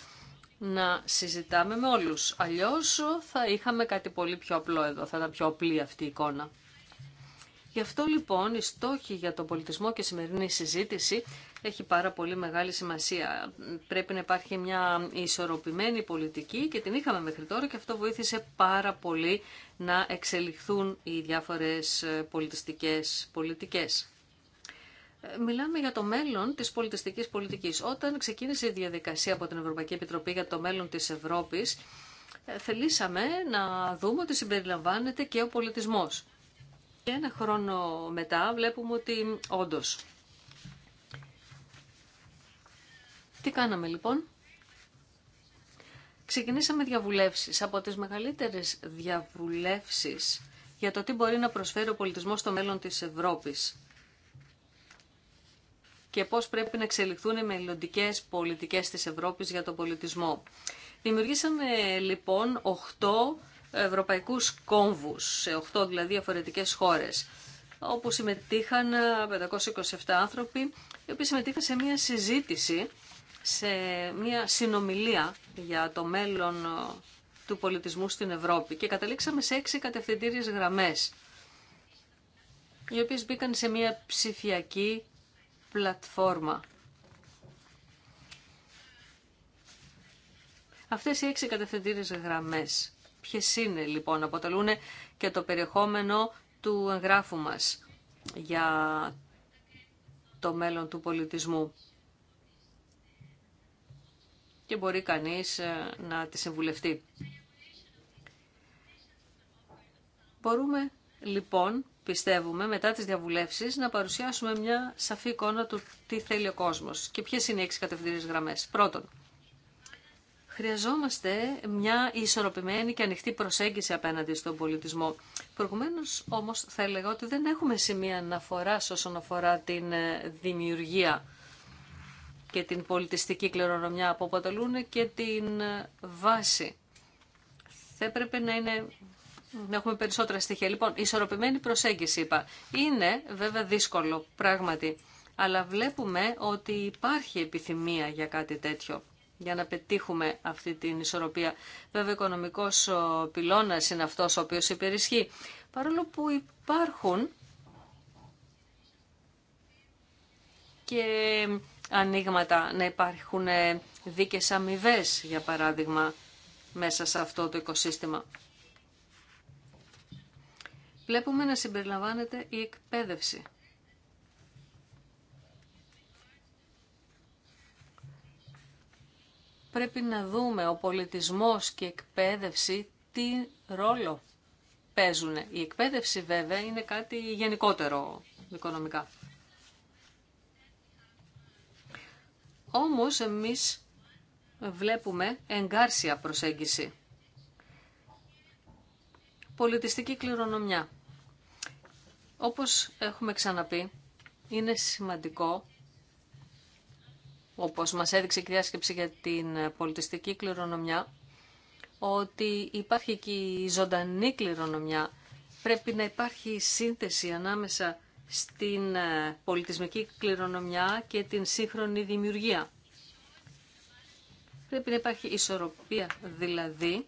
S4: να συζητάμε με όλους. Αλλιώς θα είχαμε κάτι πολύ πιο απλό εδώ, θα ήταν πιο απλή αυτή η εικόνα. Γι' αυτό λοιπόν οι στόχοι για τον πολιτισμό και σημερινή συζήτηση έχει πάρα πολύ μεγάλη σημασία. Πρέπει να υπάρχει μια ισορροπημένη πολιτική και την είχαμε μέχρι τώρα και αυτό βοήθησε πάρα πολύ να εξελιχθούν οι διάφορες ε, πολιτιστικές πολιτικές. Ε, μιλάμε για το μέλλον της πολιτιστικής πολιτικής. Όταν ξεκίνησε η διαδικασία από την Ευρωπαϊκή Επιτροπή για το μέλλον της Ευρώπης, ε, θελήσαμε να δούμε ότι συμπεριλαμβάνεται και ο πολιτισμός. Και ένα χρόνο μετά βλέπουμε ότι όντως Τι κάναμε λοιπόν. Ξεκινήσαμε διαβουλεύσεις. Από τις μεγαλύτερες διαβουλεύσεις για το τι μπορεί να προσφέρει ο πολιτισμός στο μέλλον της Ευρώπης και πώς πρέπει να εξελιχθούν οι μελλοντικέ πολιτικές της Ευρώπης για τον πολιτισμό. Δημιουργήσαμε λοιπόν 8 ευρωπαϊκούς κόμβους, σε 8 δηλαδή διαφορετικές χώρες, όπου συμμετείχαν 527 άνθρωποι, οι οποίοι συμμετείχαν σε μια συζήτηση σε μια συνομιλία για το μέλλον ε, του πολιτισμού στην Ευρώπη και καταλήξαμε σε έξι κατευθυντήριες γραμμές οι οποίες μπήκαν σε μια ψηφιακή πλατφόρμα. Αυτές οι έξι κατευθυντήριες γραμμές ποιες είναι λοιπόν αποτελούν και το περιεχόμενο του εγγράφου μας για το μέλλον του πολιτισμού και μπορεί κανείς ε, να τη συμβουλευτεί. Μπορούμε λοιπόν, πιστεύουμε, μετά τις διαβουλεύσεις να παρουσιάσουμε μια σαφή εικόνα του τι θέλει ο κόσμος και ποιες είναι οι έξι κατευθυντήριες γραμμές. Πρώτον, χρειαζόμαστε μια ισορροπημένη και ανοιχτή προσέγγιση απέναντι στον πολιτισμό. Προηγουμένω όμως θα έλεγα ότι δεν έχουμε σημεία αναφορά όσον αφορά την ε, δημιουργία και την πολιτιστική κληρονομιά που αποτελούν και την βάση. Θα έπρεπε να είναι να έχουμε περισσότερα στοιχεία. Λοιπόν, ισορροπημένη προσέγγιση είπα. Είναι βέβαια δύσκολο, πράγματι. Αλλά βλέπουμε ότι υπάρχει επιθυμία για κάτι τέτοιο, για να πετύχουμε αυτή την ισορροπία. Βέβαια, οικονομικός πυλώνας είναι αυτός ο οποίος υπερισχύει. Παρόλο που υπάρχουν και ανοίγματα, να υπάρχουν ε, δίκες αμοιβέ, για παράδειγμα, μέσα σε αυτό το οικοσύστημα. Βλέπουμε να συμπεριλαμβάνεται η εκπαίδευση. Πρέπει να δούμε ο πολιτισμός και η εκπαίδευση τι ρόλο παίζουν. Η εκπαίδευση βέβαια είναι κάτι γενικότερο οικονομικά. Όμως εμείς βλέπουμε εγκάρσια προσέγγιση. Πολιτιστική κληρονομιά. Όπως έχουμε ξαναπεί, είναι σημαντικό, όπως μας έδειξε η διάσκεψη για την πολιτιστική κληρονομιά, ότι υπάρχει και η ζωντανή κληρονομιά. Πρέπει να υπάρχει σύνθεση ανάμεσα στην ε, πολιτισμική κληρονομιά και την σύγχρονη δημιουργία. Πρέπει να υπάρχει ισορροπία δηλαδή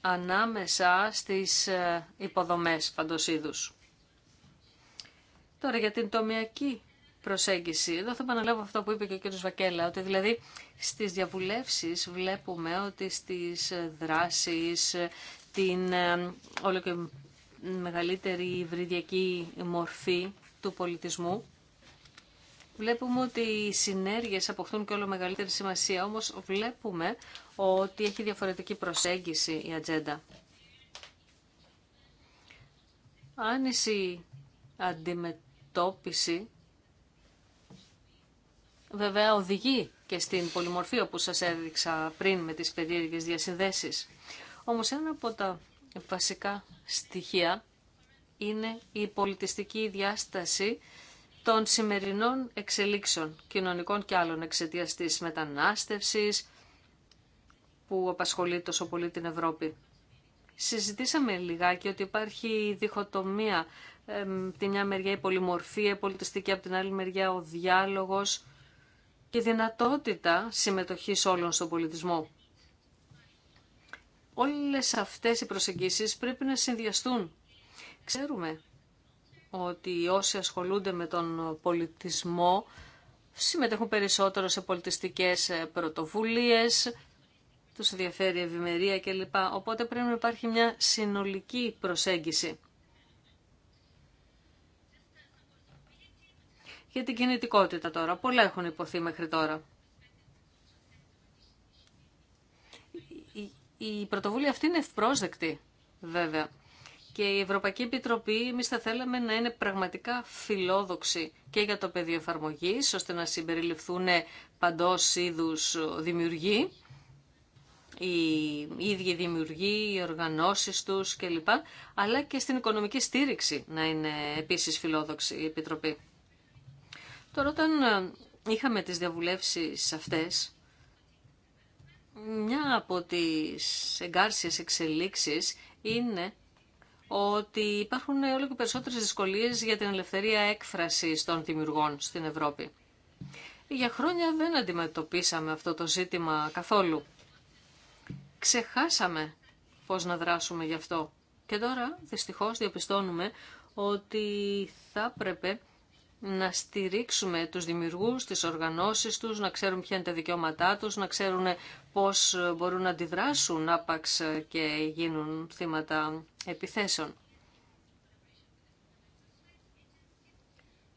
S4: ανάμεσα στις ε, υποδομές παντοσίδους. Τώρα για την τομιακή προσέγγιση. Εδώ θα επαναλάβω αυτό που είπε και ο κ. Βακέλα, ότι δηλαδή στις διαβουλεύσεις βλέπουμε ότι στις ε, δράσεις, την όλο και μεγαλύτερη βρυδιακή μορφή του πολιτισμού. Βλέπουμε ότι οι συνέργειες αποκτούν και όλο μεγαλύτερη σημασία, όμως βλέπουμε ότι έχει διαφορετική προσέγγιση η ατζέντα. Άνηση αντιμετώπιση βέβαια οδηγεί και στην πολυμορφία που σας έδειξα πριν με τις περίεργες διασυνδέσεις. Όμως ένα από τα βασικά στοιχεία είναι η πολιτιστική διάσταση των σημερινών εξελίξεων κοινωνικών και άλλων εξαιτία τη μετανάστευση που απασχολεί τόσο πολύ την Ευρώπη. Συζητήσαμε λιγάκι ότι υπάρχει διχοτομία. Ε, την μια μεριά η πολυμορφία, πολιτιστική, από την άλλη μεριά ο διάλογος και δυνατότητα συμμετοχής όλων στον πολιτισμό. Όλες αυτές οι προσεγγίσεις πρέπει να συνδυαστούν. Ξέρουμε ότι όσοι ασχολούνται με τον πολιτισμό συμμετέχουν περισσότερο σε πολιτιστικές ε, πρωτοβουλίες, τους ενδιαφέρει ευημερία κλπ. Οπότε πρέπει να υπάρχει μια συνολική προσέγγιση. Για την κινητικότητα τώρα. Πολλά έχουν υποθεί μέχρι τώρα. Η πρωτοβουλία αυτή είναι ευπρόσδεκτη βέβαια. Και η Ευρωπαϊκή Επιτροπή, εμεί θα θέλαμε να είναι πραγματικά φιλόδοξη και για το πεδίο εφαρμογή, ώστε να συμπεριληφθούν παντό είδου δημιουργοί, οι ίδιοι δημιουργοί, οι οργανώσει του κλπ. Αλλά και στην οικονομική στήριξη να είναι επίση φιλόδοξη η Επιτροπή. Τώρα, όταν είχαμε τι διαβουλεύσει αυτές, μια από τις εγκάρσιες εξελίξεις είναι ότι υπάρχουν όλο και περισσότερες δυσκολίες για την ελευθερία έκφρασης των δημιουργών στην Ευρώπη. Για χρόνια δεν αντιμετωπίσαμε αυτό το ζήτημα καθόλου. Ξεχάσαμε πώς να δράσουμε γι' αυτό. Και τώρα δυστυχώς διαπιστώνουμε ότι θα έπρεπε να στηρίξουμε τους δημιουργούς, τις οργανώσεις τους, να ξέρουν ποια είναι τα δικαιώματά τους, να ξέρουν πώς μπορούν να αντιδράσουν άπαξ και γίνουν θύματα επιθέσεων.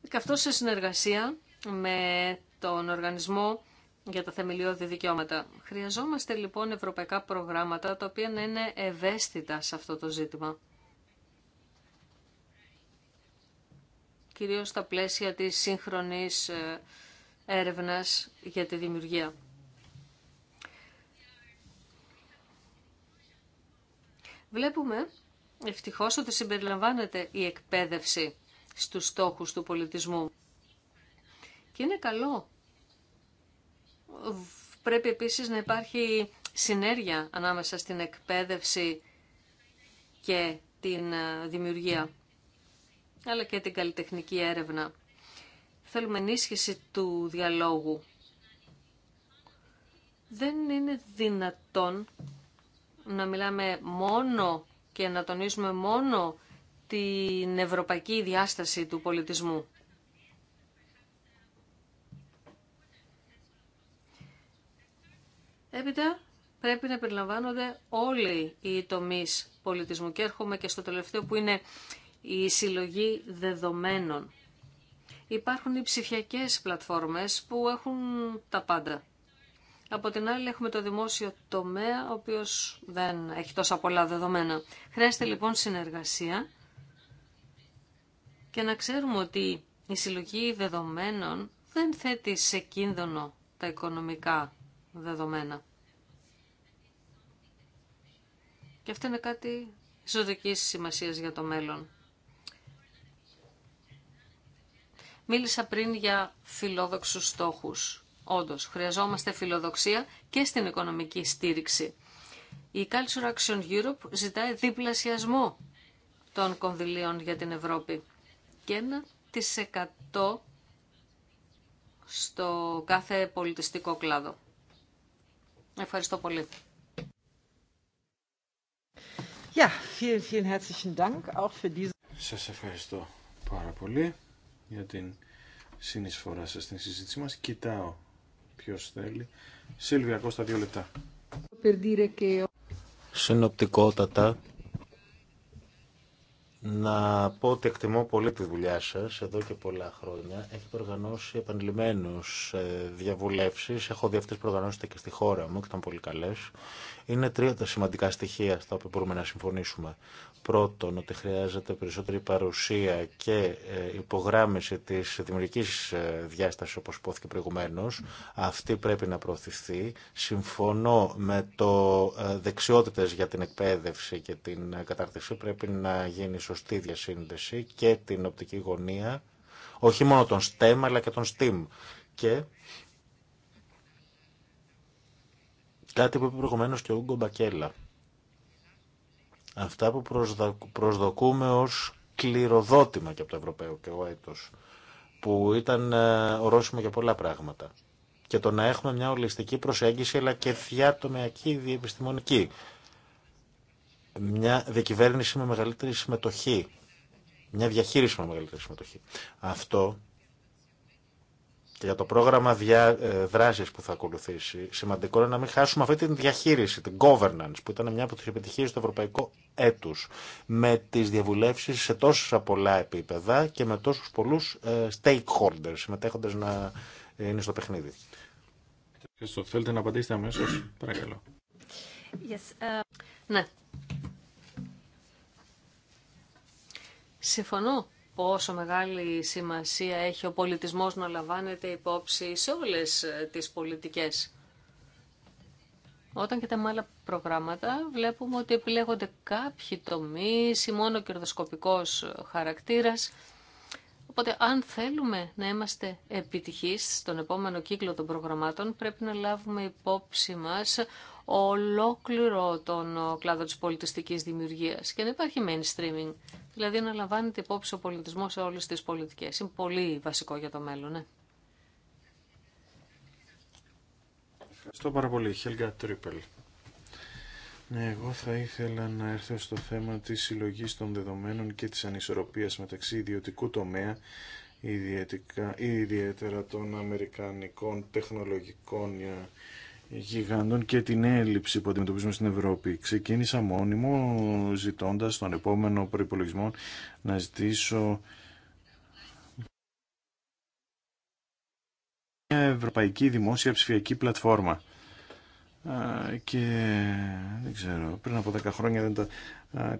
S4: Και αυτό σε συνεργασία με τον Οργανισμό για τα Θεμελιώδη Δικαιώματα. Χρειαζόμαστε λοιπόν ευρωπαϊκά προγράμματα τα οποία να είναι ευαίσθητα σε αυτό το ζήτημα. κυρίως στα πλαίσια της σύγχρονης ε, έρευνας για τη δημιουργία. Βλέπουμε ευτυχώς ότι συμπεριλαμβάνεται η εκπαίδευση στους στόχους του πολιτισμού. Και είναι καλό. Πρέπει επίσης να υπάρχει συνέργεια ανάμεσα στην εκπαίδευση και την ε, δημιουργία αλλά και την καλλιτεχνική έρευνα. Θέλουμε ενίσχυση του διαλόγου. Δεν είναι δυνατόν να μιλάμε μόνο και να τονίζουμε μόνο την ευρωπαϊκή διάσταση του πολιτισμού. Έπειτα πρέπει να περιλαμβάνονται όλοι οι τομείς πολιτισμού και έρχομαι και στο τελευταίο που είναι η συλλογή δεδομένων. Υπάρχουν οι ψηφιακές πλατφόρμες που έχουν τα πάντα. Από την άλλη έχουμε το δημόσιο τομέα, ο οποίος δεν έχει τόσα πολλά δεδομένα. Χρειάζεται λοιπόν συνεργασία και να ξέρουμε ότι η συλλογή δεδομένων δεν θέτει σε κίνδυνο τα οικονομικά δεδομένα. Και αυτό είναι κάτι ζωτικής σημασίας για το μέλλον. Μίλησα πριν για φιλόδοξους στόχους. Όντως, χρειαζόμαστε φιλοδοξία και στην οικονομική στήριξη. Η Culture Action Europe ζητάει διπλασιασμό των κονδυλίων για την Ευρώπη και εκατό στο κάθε πολιτιστικό κλάδο. Ευχαριστώ πολύ.
S1: Ja,
S2: Σας ευχαριστώ πάρα πολύ για την συνεισφορά σας στην συζήτησή μας. Κοιτάω ποιος θέλει. Σίλβια Κώστα, δύο λεπτά.
S3: Συνοπτικότατα, να πω ότι εκτιμώ πολύ τη δουλειά σας εδώ και πολλά χρόνια. Έχετε οργανώσει επανειλημμένους ε, διαβουλεύσεις. Έχω δει αυτές οργανώσετε και στη χώρα μου και ήταν πολύ καλές. Είναι τρία τα σημαντικά στοιχεία στα οποία μπορούμε να συμφωνήσουμε. Πρώτον, ότι χρειάζεται περισσότερη παρουσία και ε, υπογράμμιση τη δημιουργική ε, διάσταση, όπω υπόθηκε προηγουμένω. Αυτή πρέπει να προωθηθεί. Συμφωνώ με το ε, δεξιότητε για την εκπαίδευση και την κατάρτιση. Πρέπει να γίνει σωστή διασύνδεση και την οπτική γωνία, όχι μόνο των STEM αλλά και των STEAM. Και Κάτι που είπε προηγουμένω και ο Ούγκο Μπακέλα. Αυτά που προσδοκούμε ως κληροδότημα και από το Ευρωπαίο και ο που ήταν ε, ορόσημο για πολλά πράγματα. Και το να έχουμε μια ολιστική προσέγγιση, αλλά και διατομιακή διεπιστημονική. Μια διακυβέρνηση με μεγαλύτερη συμμετοχή. Μια διαχείριση με μεγαλύτερη συμμετοχή. Αυτό και για το πρόγραμμα διά, ε, δράσης που θα ακολουθήσει, σημαντικό είναι να μην χάσουμε αυτή τη διαχείριση, την governance, που ήταν μια από τις επιτυχίες του ευρωπαϊκού έτους, με τις διαβουλεύσεις σε τόσα πολλά επίπεδα και με τόσους πολλούς ε, stakeholders, συμμετέχοντες να ε,
S2: είναι στο παιχνίδι. Ευχαριστώ. Θέλετε να απαντήσετε αμέσω, παρακαλώ.
S4: Yes, uh... Ναι. Συμφωνώ πόσο μεγάλη σημασία έχει ο πολιτισμός να λαμβάνεται υπόψη σε όλες ε, τις πολιτικές. Όταν κοιτάμε άλλα προγράμματα βλέπουμε ότι επιλέγονται κάποιοι τομείς ή μόνο κερδοσκοπικός ε, χαρακτήρας. Οπότε αν θέλουμε να είμαστε επιτυχείς στον επόμενο κύκλο των προγραμμάτων πρέπει να λάβουμε υπόψη μας ολόκληρο τον ε, κλάδο της πολιτιστικής δημιουργίας και να υπάρχει mainstreaming. Δηλαδή να λαμβάνεται υπόψη ο πολιτισμό σε όλε τι πολιτικέ. Είναι πολύ βασικό για το μέλλον, ναι.
S2: Ευχαριστώ πάρα πολύ, Χέλγα Τρίπελ. Ναι, εγώ θα ήθελα να έρθω στο θέμα της συλλογή των δεδομένων και της ανισορροπίας μεταξύ ιδιωτικού τομέα, ιδιαίτερα των αμερικανικών τεχνολογικών ε, γιγαντών και την έλλειψη που αντιμετωπίζουμε στην Ευρώπη. Ξεκίνησα μόνιμο ζητώντας τον επόμενο προϋπολογισμό να ζητήσω μια ευρωπαϊκή δημόσια ψηφιακή πλατφόρμα. Και δεν ξέρω, πριν από 10 χρόνια δεν τα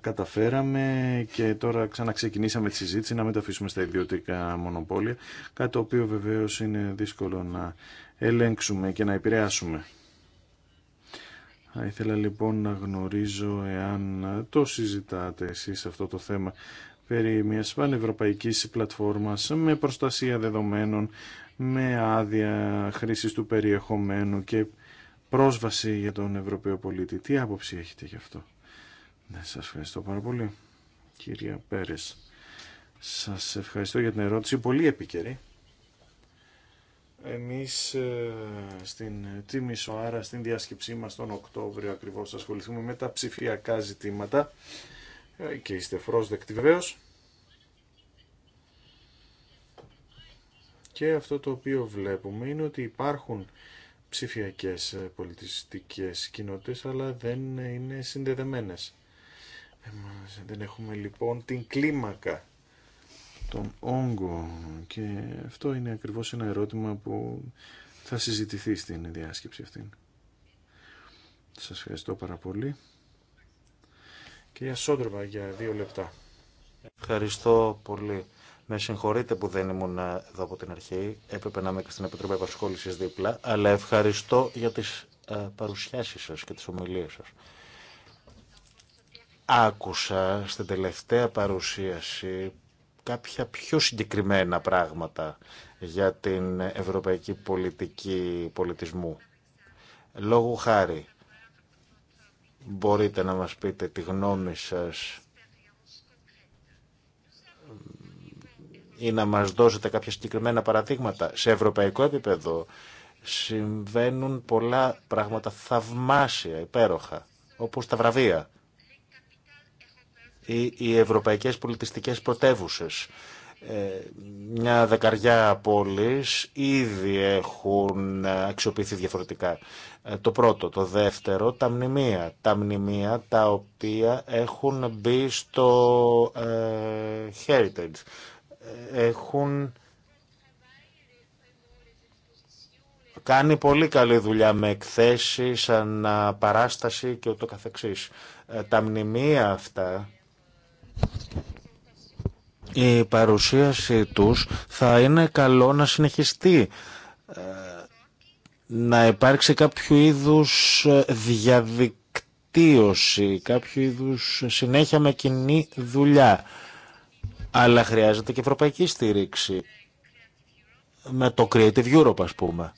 S2: καταφέραμε και τώρα ξαναξεκινήσαμε τη συζήτηση να μην τα αφήσουμε στα ιδιωτικά μονοπόλια, κάτι το οποίο βεβαίως είναι δύσκολο να ελέγξουμε και να επηρεάσουμε. Θα ήθελα λοιπόν να γνωρίζω εάν το συζητάτε εσείς αυτό το θέμα περί μιας πανευρωπαϊκής πλατφόρμας με προστασία δεδομένων, με άδεια χρήσης του περιεχομένου και πρόσβαση για τον Ευρωπαίο πολίτη. Τι άποψη έχετε γι' αυτό. Ναι, σας ευχαριστώ πάρα πολύ. Κυρία Πέρες, σας ευχαριστώ για την ερώτηση. Πολύ επίκαιρη. Εμείς ε, στην Τίμη Σοάρα, στην διάσκεψή μας τον Οκτώβριο ακριβώς ασχοληθούμε με τα ψηφιακά ζητήματα ε, και είστε φρόσδεκτοι βεβαίω. Και αυτό το οποίο βλέπουμε είναι ότι υπάρχουν ψηφιακές ε, πολιτιστικές κοινότητες αλλά δεν είναι συνδεδεμένες. Δεν έχουμε λοιπόν την κλίμακα τον όγκο και αυτό είναι ακριβώς ένα ερώτημα που θα συζητηθεί στην διάσκεψη αυτή. Σας ευχαριστώ πάρα πολύ. Κυρία Σόντροβα για δύο λεπτά.
S3: Ευχαριστώ πολύ. Με συγχωρείτε που δεν ήμουν εδώ από την αρχή. Έπρεπε να είμαι και στην Επιτροπή Επασχόληση δίπλα. Αλλά ευχαριστώ για τι ε, παρουσιάσει σα και τι ομιλίε σα. Άκουσα στην τελευταία παρουσίαση κάποια πιο συγκεκριμένα πράγματα για την ευρωπαϊκή πολιτική πολιτισμού. Λόγω χάρη, μπορείτε να μας πείτε τη γνώμη σας ή να μας δώσετε κάποια συγκεκριμένα παραδείγματα. Σε ευρωπαϊκό επίπεδο συμβαίνουν πολλά πράγματα θαυμάσια, υπέροχα, όπως τα βραβεία ή οι ευρωπαϊκές πολιτιστικές πρωτεύουσες. Ε, μια δεκαριά πόλεις ήδη έχουν αξιοποιηθεί διαφορετικά. Ε, το πρώτο. Το δεύτερο, τα μνημεία. Τα μνημεία τα οποία έχουν μπει στο ε, heritage. Έχουν κάνει πολύ καλή δουλειά με εκθέσεις, αναπαράσταση και ούτω καθεξής. Τα μνημεία αυτά η παρουσίαση τους θα είναι καλό να συνεχιστεί ε, να υπάρξει κάποιο είδους ε, διαδικτύωση, κάποιο είδους συνέχεια με κοινή δουλειά. Αλλά χρειάζεται και ευρωπαϊκή στήριξη με το Creative Europe ας πούμε.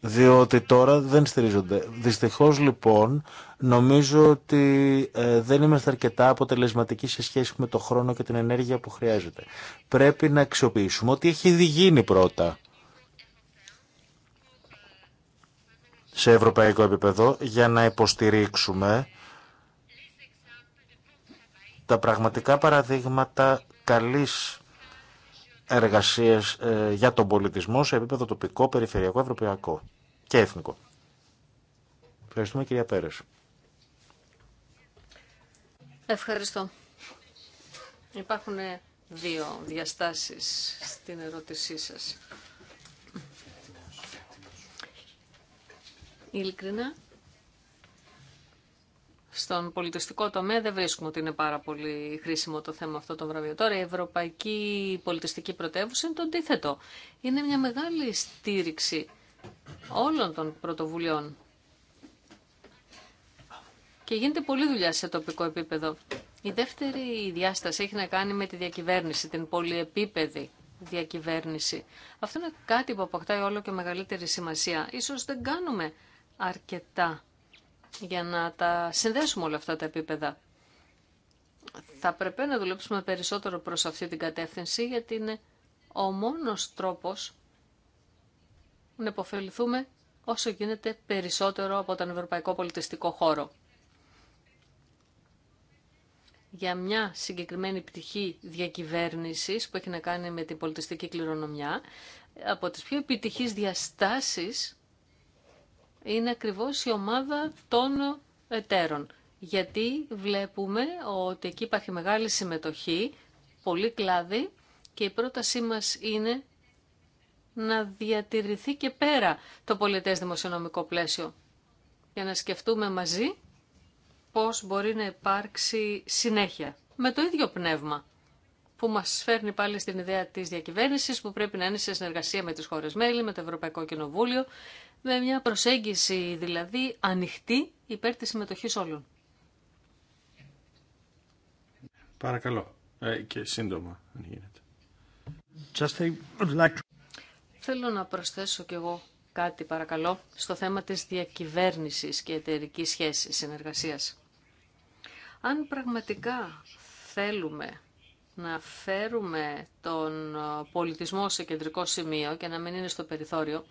S3: διότι τώρα δεν στηρίζονται. Δυστυχώς λοιπόν νομίζω ότι ε, δεν είμαστε αρκετά αποτελεσματικοί σε σχέση με το χρόνο και την ενέργεια που χρειάζεται. Πρέπει να αξιοποιήσουμε ότι έχει ήδη γίνει πρώτα σε ευρωπαϊκό επίπεδο για να υποστηρίξουμε τα πραγματικά παραδείγματα καλής εργασίες ε, για τον πολιτισμό σε επίπεδο τοπικό, περιφερειακό, ευρωπαϊκό και εθνικό. Ευχαριστούμε κυρία Πέρες.
S4: Ευχαριστώ. Υπάρχουν δύο διαστάσεις στην ερώτησή σας. Ειλικρινά, στον πολιτιστικό τομέα δεν βρίσκουμε ότι είναι πάρα πολύ χρήσιμο το θέμα αυτό το βραβείο. Τώρα η Ευρωπαϊκή Πολιτιστική Πρωτεύουσα είναι το αντίθετο. Είναι μια μεγάλη στήριξη όλων των πρωτοβουλειών. Και γίνεται πολλή δουλειά σε τοπικό επίπεδο. Η δεύτερη διάσταση έχει να κάνει με τη διακυβέρνηση, την πολυεπίπεδη διακυβέρνηση. Αυτό είναι κάτι που αποκτάει όλο και μεγαλύτερη σημασία. Ίσως δεν κάνουμε αρκετά για να τα συνδέσουμε όλα αυτά τα επίπεδα. Θα πρέπει να δουλέψουμε περισσότερο προς αυτή την κατεύθυνση γιατί είναι ο μόνος τρόπος να υποφεληθούμε όσο γίνεται περισσότερο από τον ευρωπαϊκό πολιτιστικό χώρο. Για μια συγκεκριμένη πτυχή διακυβέρνησης που έχει να κάνει με την πολιτιστική κληρονομιά, από τις πιο επιτυχείς διαστάσεις είναι ακριβώς η ομάδα των εταίρων. Γιατί βλέπουμε ότι εκεί υπάρχει μεγάλη συμμετοχή, πολύ κλάδη και η πρότασή μας είναι να διατηρηθεί και πέρα το πολιτές δημοσιονομικό πλαίσιο για να σκεφτούμε μαζί πώς μπορεί να υπάρξει συνέχεια με το ίδιο πνεύμα που μας φέρνει πάλι στην ιδέα της διακυβέρνησης που πρέπει να είναι σε συνεργασία με τους χώρες μέλη, με το Ευρωπαϊκό Κοινοβούλιο, με μια προσέγγιση δηλαδή ανοιχτή υπέρ της συμμετοχής όλων.
S2: Παρακαλώ. Ε, και σύντομα, αν γίνεται.
S4: Θέλω να προσθέσω κι εγώ κάτι, παρακαλώ, στο θέμα της διακυβέρνησης και εταιρική σχέσης συνεργασίας. Αν πραγματικά θέλουμε να φέρουμε τον πολιτισμό σε κεντρικό σημείο και να μην είναι στο περιθώριο,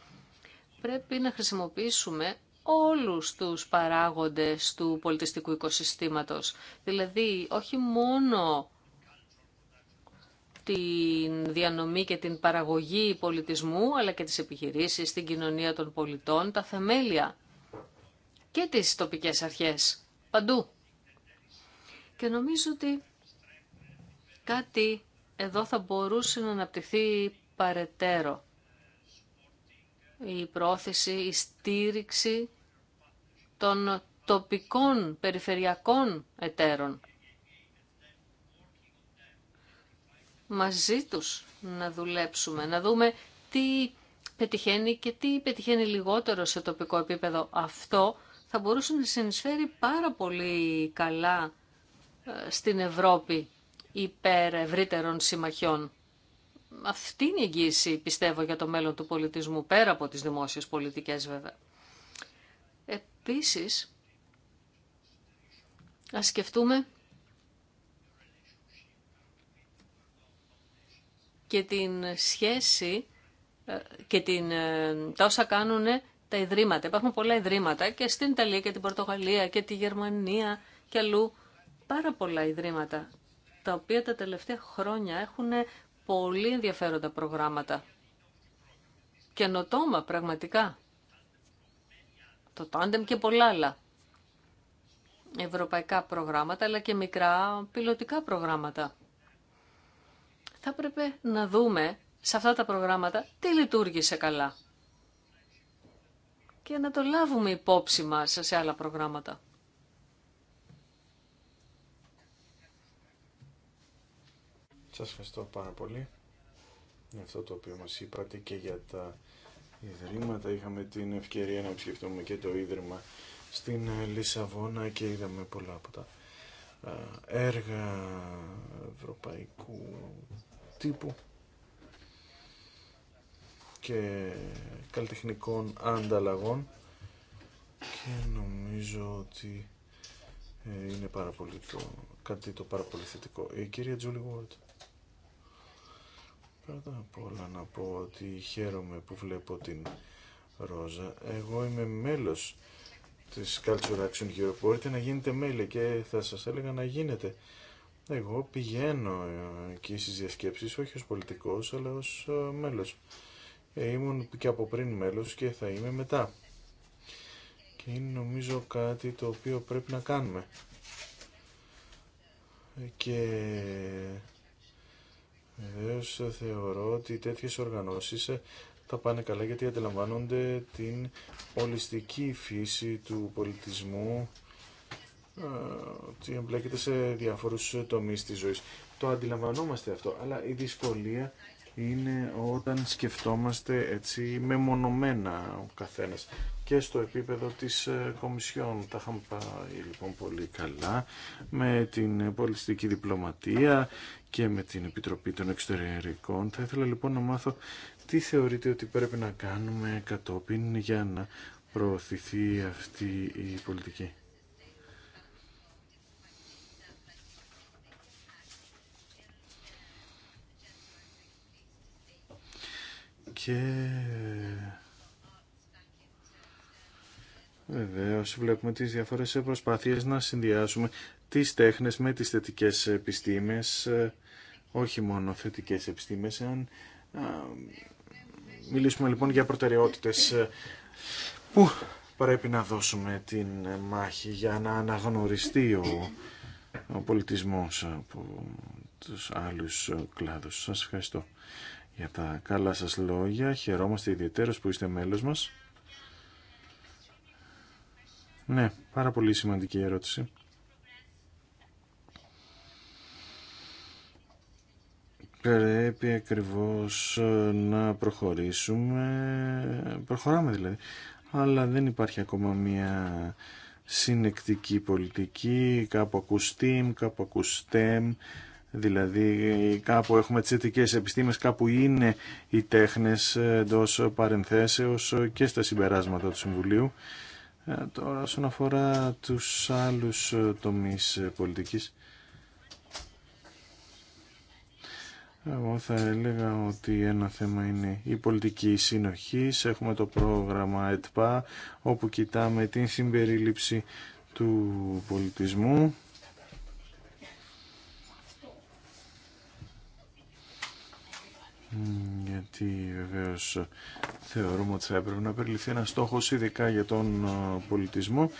S4: πρέπει να χρησιμοποιήσουμε όλους τους παράγοντες του πολιτιστικού οικοσυστήματος. Δηλαδή, όχι μόνο τη διανομή και την παραγωγή πολιτισμού, αλλά και τις επιχειρήσεις, την κοινωνία των πολιτών, τα θεμέλια και τις τοπικές αρχές, παντού. Και νομίζω ότι Κάτι εδώ θα μπορούσε να αναπτυχθεί παρετέρω. Η πρόθεση, η στήριξη των τοπικών περιφερειακών εταίρων. Μαζί τους να δουλέψουμε, να δούμε τι πετυχαίνει και τι πετυχαίνει λιγότερο σε τοπικό επίπεδο. Αυτό θα μπορούσε να συνεισφέρει πάρα πολύ καλά ε, στην Ευρώπη υπέρ ευρύτερων συμμαχιών. Αυτή είναι η εγγύηση, πιστεύω, για το μέλλον του πολιτισμού, πέρα από τις δημόσιες πολιτικές βέβαια. Επίσης, ας σκεφτούμε και την σχέση ε, και την, ε, τα όσα κάνουν ε, τα ιδρύματα. Υπάρχουν πολλά ιδρύματα και στην Ιταλία και την Πορτογαλία και τη Γερμανία και αλλού πάρα πολλά ιδρύματα τα οποία τα τελευταία χρόνια έχουν πολύ ενδιαφέροντα προγράμματα. Καινοτόμα πραγματικά. Το τάντεμ και πολλά άλλα. Ευρωπαϊκά προγράμματα αλλά και μικρά πιλωτικά προγράμματα. Θα πρέπει να δούμε σε αυτά τα προγράμματα τι λειτουργήσε καλά και να το λάβουμε υπόψη μας σε άλλα προγράμματα.
S2: Σας ευχαριστώ πάρα πολύ για αυτό το οποίο μας είπατε και για τα ιδρύματα. Είχαμε την ευκαιρία να επισκεφτούμε και το ίδρυμα στην ε, Λισαβόνα και είδαμε πολλά από τα ε, έργα ευρωπαϊκού τύπου και καλλιτεχνικών ανταλλαγών και νομίζω ότι ε, είναι πάρα πολύ το, κάτι το πάρα πολύ θετικό. Η κυρία Τζούλι Γουόρτ. Πρώτα απ' όλα να πω ότι χαίρομαι που βλέπω την Ρόζα. Εγώ είμαι μέλος της Culture Action Europe. Μπορείτε να γίνετε μέλη και θα σας έλεγα να γίνετε. Εγώ πηγαίνω ε, εκεί στις διασκέψεις, όχι ως πολιτικός, αλλά ως ε, μέλος. Ε, ήμουν και από πριν μέλος και θα είμαι μετά. Και είναι νομίζω κάτι το οποίο πρέπει να κάνουμε. Και Βεβαίω ε, θεωρώ ότι τέτοιες οργανώσεις θα ε, πάνε καλά γιατί αντιλαμβάνονται την ολιστική φύση του πολιτισμού ε, ότι εμπλέκεται σε διάφορους τομείς της ζωής. Το αντιλαμβανόμαστε αυτό, αλλά η δυσκολία είναι όταν σκεφτόμαστε έτσι μεμονωμένα ο καθένας και στο επίπεδο της ε, Κομισιόν. Τα είχαμε πάει λοιπόν πολύ καλά με την πολιτιστική διπλωματία και με την Επιτροπή των Εξωτερικών. Θα ήθελα λοιπόν να μάθω τι θεωρείτε ότι πρέπει να κάνουμε κατόπιν για να προωθηθεί αυτή η πολιτική. και Βεβαίω, βλέπουμε τις διαφορές προσπάθειες να συνδυάσουμε τις τέχνες με τις θετικές επιστήμες, όχι μόνο θετικές επιστήμες. Αν μιλήσουμε λοιπόν για προτεραιότητες ε, που πρέπει να δώσουμε την μάχη για να αναγνωριστεί ο, ο πολιτισμός από τους άλλους κλάδους. Σας ευχαριστώ για τα καλά σας λόγια. Χαιρόμαστε ιδιαίτερως που είστε μέλος μας. Ναι, πάρα πολύ σημαντική ερώτηση. Πρέπει ακριβώς ε, να προχωρήσουμε, προχωράμε δηλαδή, αλλά δεν υπάρχει ακόμα μια συνεκτική πολιτική, κάπου ακουστήμ, κάπου ακουστέμ. Δηλαδή κάπου έχουμε τις θετικές επιστήμες, κάπου είναι οι τέχνες εντό παρενθέσεως και στα συμπεράσματα του Συμβουλίου. Ε, τώρα όσον αφορά τους άλλους τομείς πολιτικής, εγώ θα έλεγα ότι ένα θέμα είναι η πολιτική συνοχή. Έχουμε το πρόγραμμα ΕΤΠΑ όπου κοιτάμε την συμπερίληψη του πολιτισμού γιατί βεβαίως θεωρούμε ότι θα έπρεπε να περιληφθεί ένα στόχος ειδικά για τον ε, πολιτισμό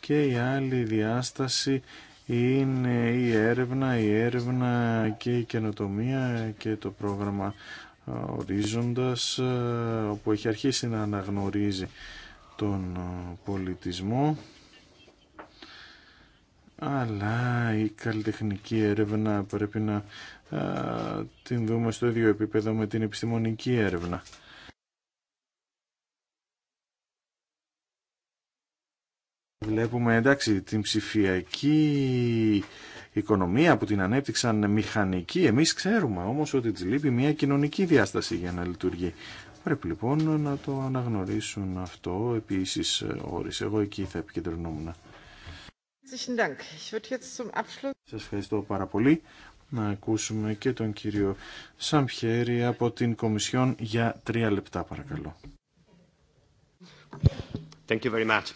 S2: και η άλλη διάσταση είναι η έρευνα, η έρευνα και η καινοτομία και το πρόγραμμα ε, ορίζοντας ε, όπου έχει αρχίσει να αναγνωρίζει τον πολιτισμό αλλά η καλλιτεχνική έρευνα πρέπει να την δούμε στο ίδιο επίπεδο με την επιστημονική έρευνα. Βλέπουμε εντάξει την ψηφιακή οικονομία που την ανέπτυξαν μηχανική. Εμείς ξέρουμε όμως ότι της λείπει μια κοινωνική διάσταση για να λειτουργεί. Πρέπει λοιπόν να το αναγνωρίσουν αυτό επίσης όρις. Εγώ εκεί θα επικεντρωνόμουν. Σας ευχαριστώ πάρα πολύ να ακούσουμε και τον κύριο Σαμπιέρη από την Κομισιόν για τρία λεπτά παρακαλώ. Thank you very much.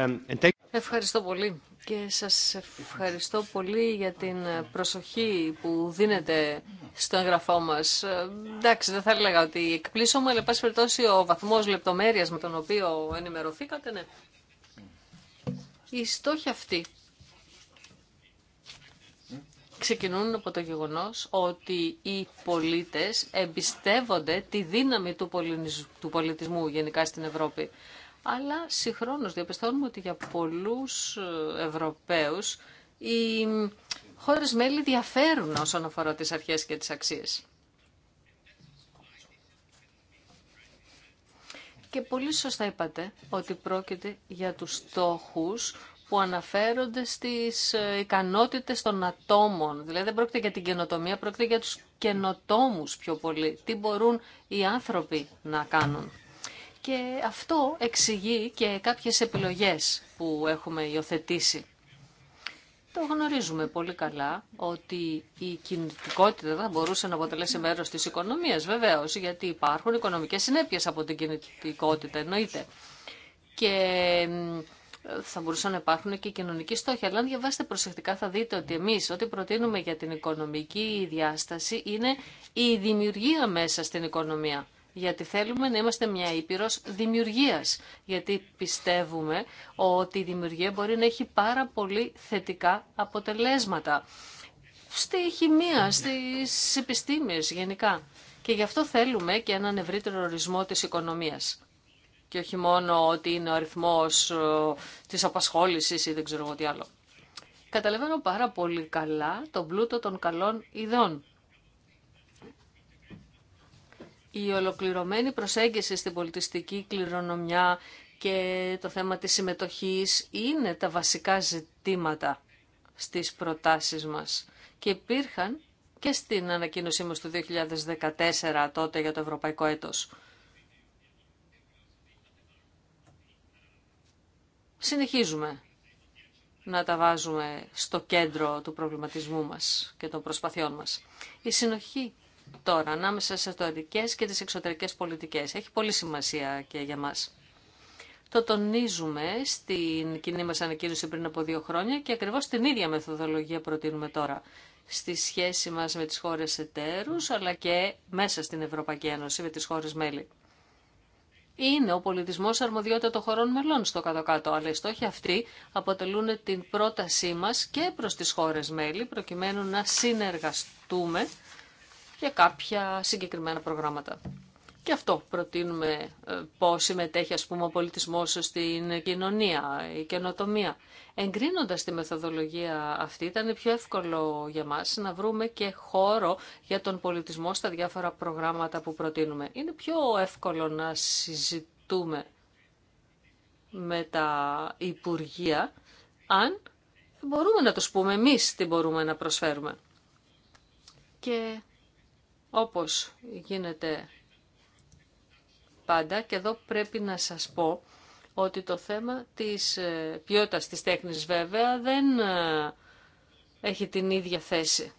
S2: Um, and
S4: Ευχαριστώ πολύ και σας ευχαριστώ πολύ για την προσοχή που δίνετε στο εγγραφό μας. Ε, εντάξει, δεν θα έλεγα ότι εκπλήσωμαι, αλλά πάση περιπτώσει ο βαθμός λεπτομέρειας με τον οποίο ενημερωθήκατε, ναι. Η στόχη αυτή ξεκινούν από το γεγονός ότι οι πολίτες εμπιστεύονται τη δύναμη του πολιτισμού γενικά στην Ευρώπη. Αλλά συγχρόνως διαπιστώνουμε ότι για πολλούς ε, Ευρωπαίους οι χώρες μέλη διαφέρουν όσον αφορά τις αρχές και τις αξίες. Και πολύ σωστά είπατε ότι πρόκειται για τους στόχους που αναφέρονται στις ε, ικανότητες των ατόμων. Δηλαδή δεν πρόκειται για την καινοτομία, πρόκειται για τους καινοτόμους πιο πολύ. Τι μπορούν οι άνθρωποι να κάνουν. Και αυτό εξηγεί και κάποιες επιλογές που έχουμε υιοθετήσει. Το γνωρίζουμε πολύ καλά ότι η κινητικότητα θα μπορούσε να αποτελέσει μέρος της οικονομία βεβαίως, γιατί υπάρχουν οικονομικές συνέπειες από την κινητικότητα εννοείται. Και θα μπορούσαν να υπάρχουν και κοινωνικοί στόχοι. Αλλά αν διαβάσετε προσεκτικά θα δείτε ότι εμείς ό,τι προτείνουμε για την οικονομική διάσταση είναι η δημιουργία μέσα στην οικονομία. Γιατί θέλουμε να είμαστε μια ήπειρος δημιουργίας. Γιατί πιστεύουμε ότι η δημιουργία μπορεί να έχει πάρα πολύ θετικά αποτελέσματα. Στη χημεία, στις επιστήμες γενικά. Και γι' αυτό θέλουμε και έναν ευρύτερο ορισμό της οικονομίας και όχι μόνο ότι είναι ο αριθμός ε, της απασχόλησης ή δεν ξέρω εγώ τι άλλο. Καταλαβαίνω πάρα πολύ καλά τον πλούτο των καλών ειδών. Η ολοκληρωμένη προσέγγιση στην πολιτιστική κληρονομιά και το θέμα της συμμετοχής είναι τα βασικά ζητήματα στις προτάσεις μας. Και υπήρχαν και στην ανακοίνωσή μας του 2014 τότε για το Ευρωπαϊκό Έτος. συνεχίζουμε να τα βάζουμε στο κέντρο του προβληματισμού μας και των προσπαθειών μας. Η συνοχή τώρα ανάμεσα στις εσωτερικές και τις εξωτερικές πολιτικές έχει πολύ σημασία και για μας. Το τονίζουμε στην κοινή μας ανακοίνωση πριν από δύο χρόνια και ακριβώς την ίδια μεθοδολογία προτείνουμε τώρα στη σχέση μας με τις χώρες εταίρους αλλά και μέσα στην Ευρωπαϊκή Ένωση με τις χώρες μέλη είναι ο πολιτισμό αρμοδιότητα των χωρών μελών στο κάτω-κάτω, αλλά οι στόχοι αυτοί αποτελούν την πρότασή μα και προς τις χώρες μέλη, προκειμένου να συνεργαστούμε για κάποια συγκεκριμένα προγράμματα. Και αυτό προτείνουμε ε, πώς συμμετέχει ας πούμε ο πολιτισμός στην κοινωνία, η καινοτομία. Εγκρίνοντας τη μεθοδολογία αυτή ήταν πιο εύκολο για μας να βρούμε και χώρο για τον πολιτισμό στα διάφορα προγράμματα που προτείνουμε. Είναι πιο εύκολο να συζητούμε με τα Υπουργεία αν μπορούμε να το πούμε εμείς τι μπορούμε να προσφέρουμε. Και όπως γίνεται πάντα και εδώ πρέπει να σας πω ότι το θέμα της ε, ποιότητας της τέχνης βέβαια δεν ε, έχει την ίδια θέση.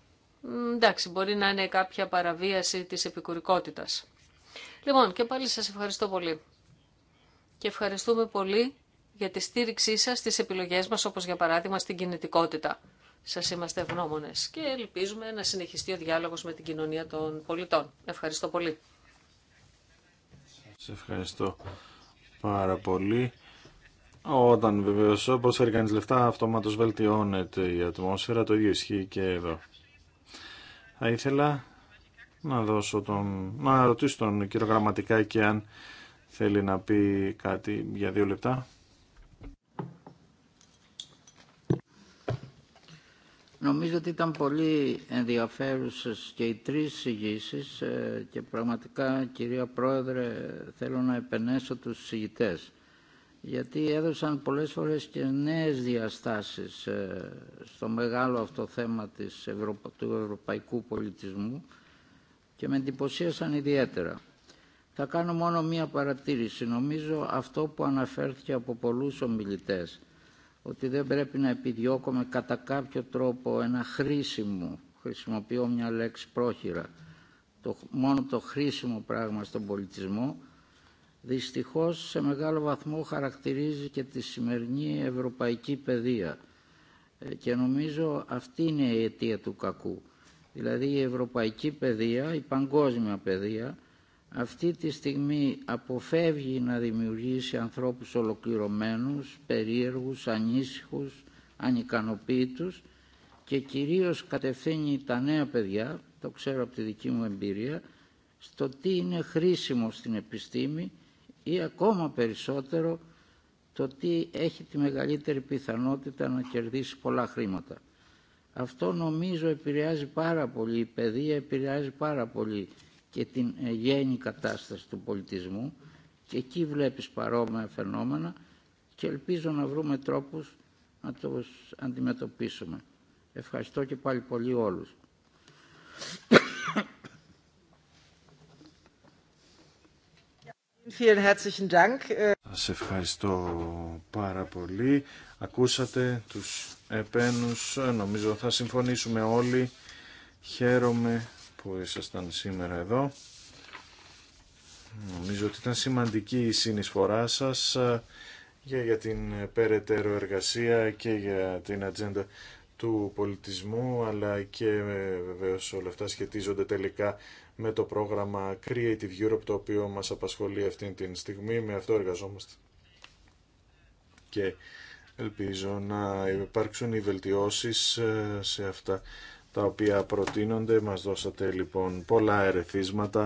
S4: Εντάξει, μπορεί να είναι κάποια παραβίαση της επικουρικότητας. Λοιπόν, και πάλι σας ευχαριστώ πολύ. Και ευχαριστούμε πολύ για τη στήριξή σας στις επιλογές μας, όπως για παράδειγμα στην κινητικότητα. Σας είμαστε ευγνώμονες και ελπίζουμε να συνεχιστεί ο διάλογος με την κοινωνία των πολιτών. Ευχαριστώ πολύ.
S2: Σε ευχαριστώ πάρα πολύ. Όταν βεβαίω όπω φέρει κανεί λεφτά, αυτομάτω βελτιώνεται η ατμόσφαιρα. Το ίδιο ισχύει και εδώ. Θα ήθελα να, δώσω τον, να ρωτήσω τον κύριο Γραμματικά και αν θέλει να πει κάτι για δύο λεπτά.
S1: Νομίζω ότι ήταν πολύ ενδιαφέρουσες και οι τρεις συγγύσει ε, και πραγματικά, κυρία Πρόεδρε, θέλω να επενέσω τους συγγητές γιατί έδωσαν πολλές φορές και νέες διαστάσεις ε, στο μεγάλο αυτό θέμα της του ευρωπαϊκού πολιτισμού και με εντυπωσίασαν ιδιαίτερα. Θα κάνω μόνο μία παρατήρηση. Νομίζω αυτό που αναφέρθηκε από πολλούς ομιλητές ότι δεν πρέπει να επιδιώκουμε κατά κάποιο τρόπο ένα χρήσιμο, χρησιμοποιώ μια λέξη πρόχειρα, το, μόνο το χρήσιμο πράγμα στον πολιτισμό, δυστυχώς σε μεγάλο βαθμό χαρακτηρίζει και τη σημερινή ευρωπαϊκή παιδεία. Ε, και νομίζω αυτή είναι η αιτία του κακού. Δηλαδή η ευρωπαϊκή παιδεία, η παγκόσμια παιδεία, αυτή τη στιγμή αποφεύγει να δημιουργήσει ανθρώπους ολοκληρωμένους, περίεργους, ανήσυχους, ανικανοποίητους και κυρίως κατευθύνει τα νέα παιδιά, το ξέρω από τη δική μου εμπειρία, στο τι είναι χρήσιμο στην επιστήμη ή ακόμα περισσότερο το τι έχει τη μεγαλύτερη πιθανότητα να κερδίσει πολλά χρήματα. Αυτό νομίζω επηρεάζει πάρα πολύ, η παιδεία επηρεάζει πάρα πολύ και την γέννη κατάσταση του πολιτισμού και εκεί βλέπεις παρόμοια φαινόμενα και ελπίζω να βρούμε τρόπους να το αντιμετωπίσουμε. Ευχαριστώ και πάλι
S2: πολύ όλους. Σας ευχαριστώ πάρα πολύ. Ακούσατε τους επένους. Νομίζω θα συμφωνήσουμε όλοι. Χαίρομαι που ήσασταν σήμερα εδώ. Νομίζω ότι ήταν σημαντική η συνεισφορά σας ε, για την περαιτέρω εργασία και για την ατζέντα του πολιτισμού αλλά και ε, βεβαίω όλα αυτά σχετίζονται τελικά με το πρόγραμμα Creative Europe το οποίο μας απασχολεί αυτή την στιγμή, με αυτό εργαζόμαστε. Και ελπίζω να υπάρξουν οι βελτιώσεις ε, σε αυτά τα οποία προτείνονται. Μας δώσατε λοιπόν πολλά ερεθίσματα.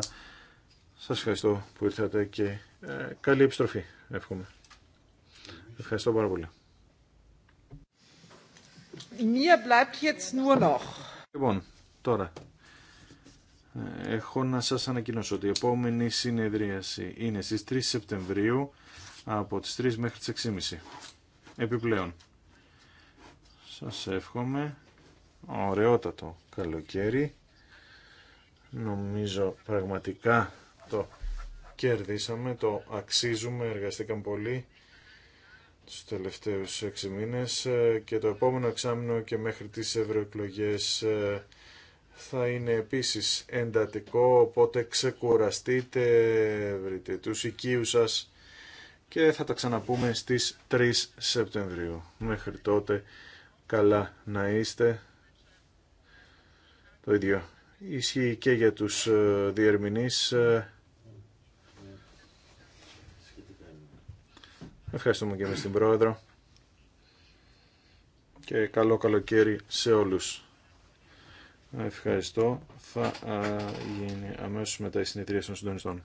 S2: Σας ευχαριστώ που ήρθατε και ε, καλή επιστροφή εύχομαι. Ευχαριστώ πάρα πολύ. Λοιπόν, τώρα ε, έχω να σας ανακοινώσω ότι η επόμενη συνεδρίαση είναι στις 3 Σεπτεμβρίου από τις 3 μέχρι τις 6.30. Επιπλέον. Σας εύχομαι ωραιότατο καλοκαίρι. Νομίζω πραγματικά το κερδίσαμε, το αξίζουμε, εργαστήκαμε πολύ τους τελευταίους έξι μήνες ε, και το επόμενο εξάμεινο και μέχρι τις ευρωεκλογέ ε, θα είναι επίσης εντατικό, οπότε ξεκουραστείτε, βρείτε τους οικείους σας και θα τα ξαναπούμε στις 3 Σεπτεμβρίου. Μέχρι τότε καλά να είστε. Το ίδιο ισχύει και για τους ε, διερμηνείς. Ε. Ευχαριστούμε και εμείς την Πρόεδρο. Και καλό καλοκαίρι σε όλους. Ευχαριστώ. Θα ε, γίνει αμέσως μετά η συνεδρία των συντονιστών.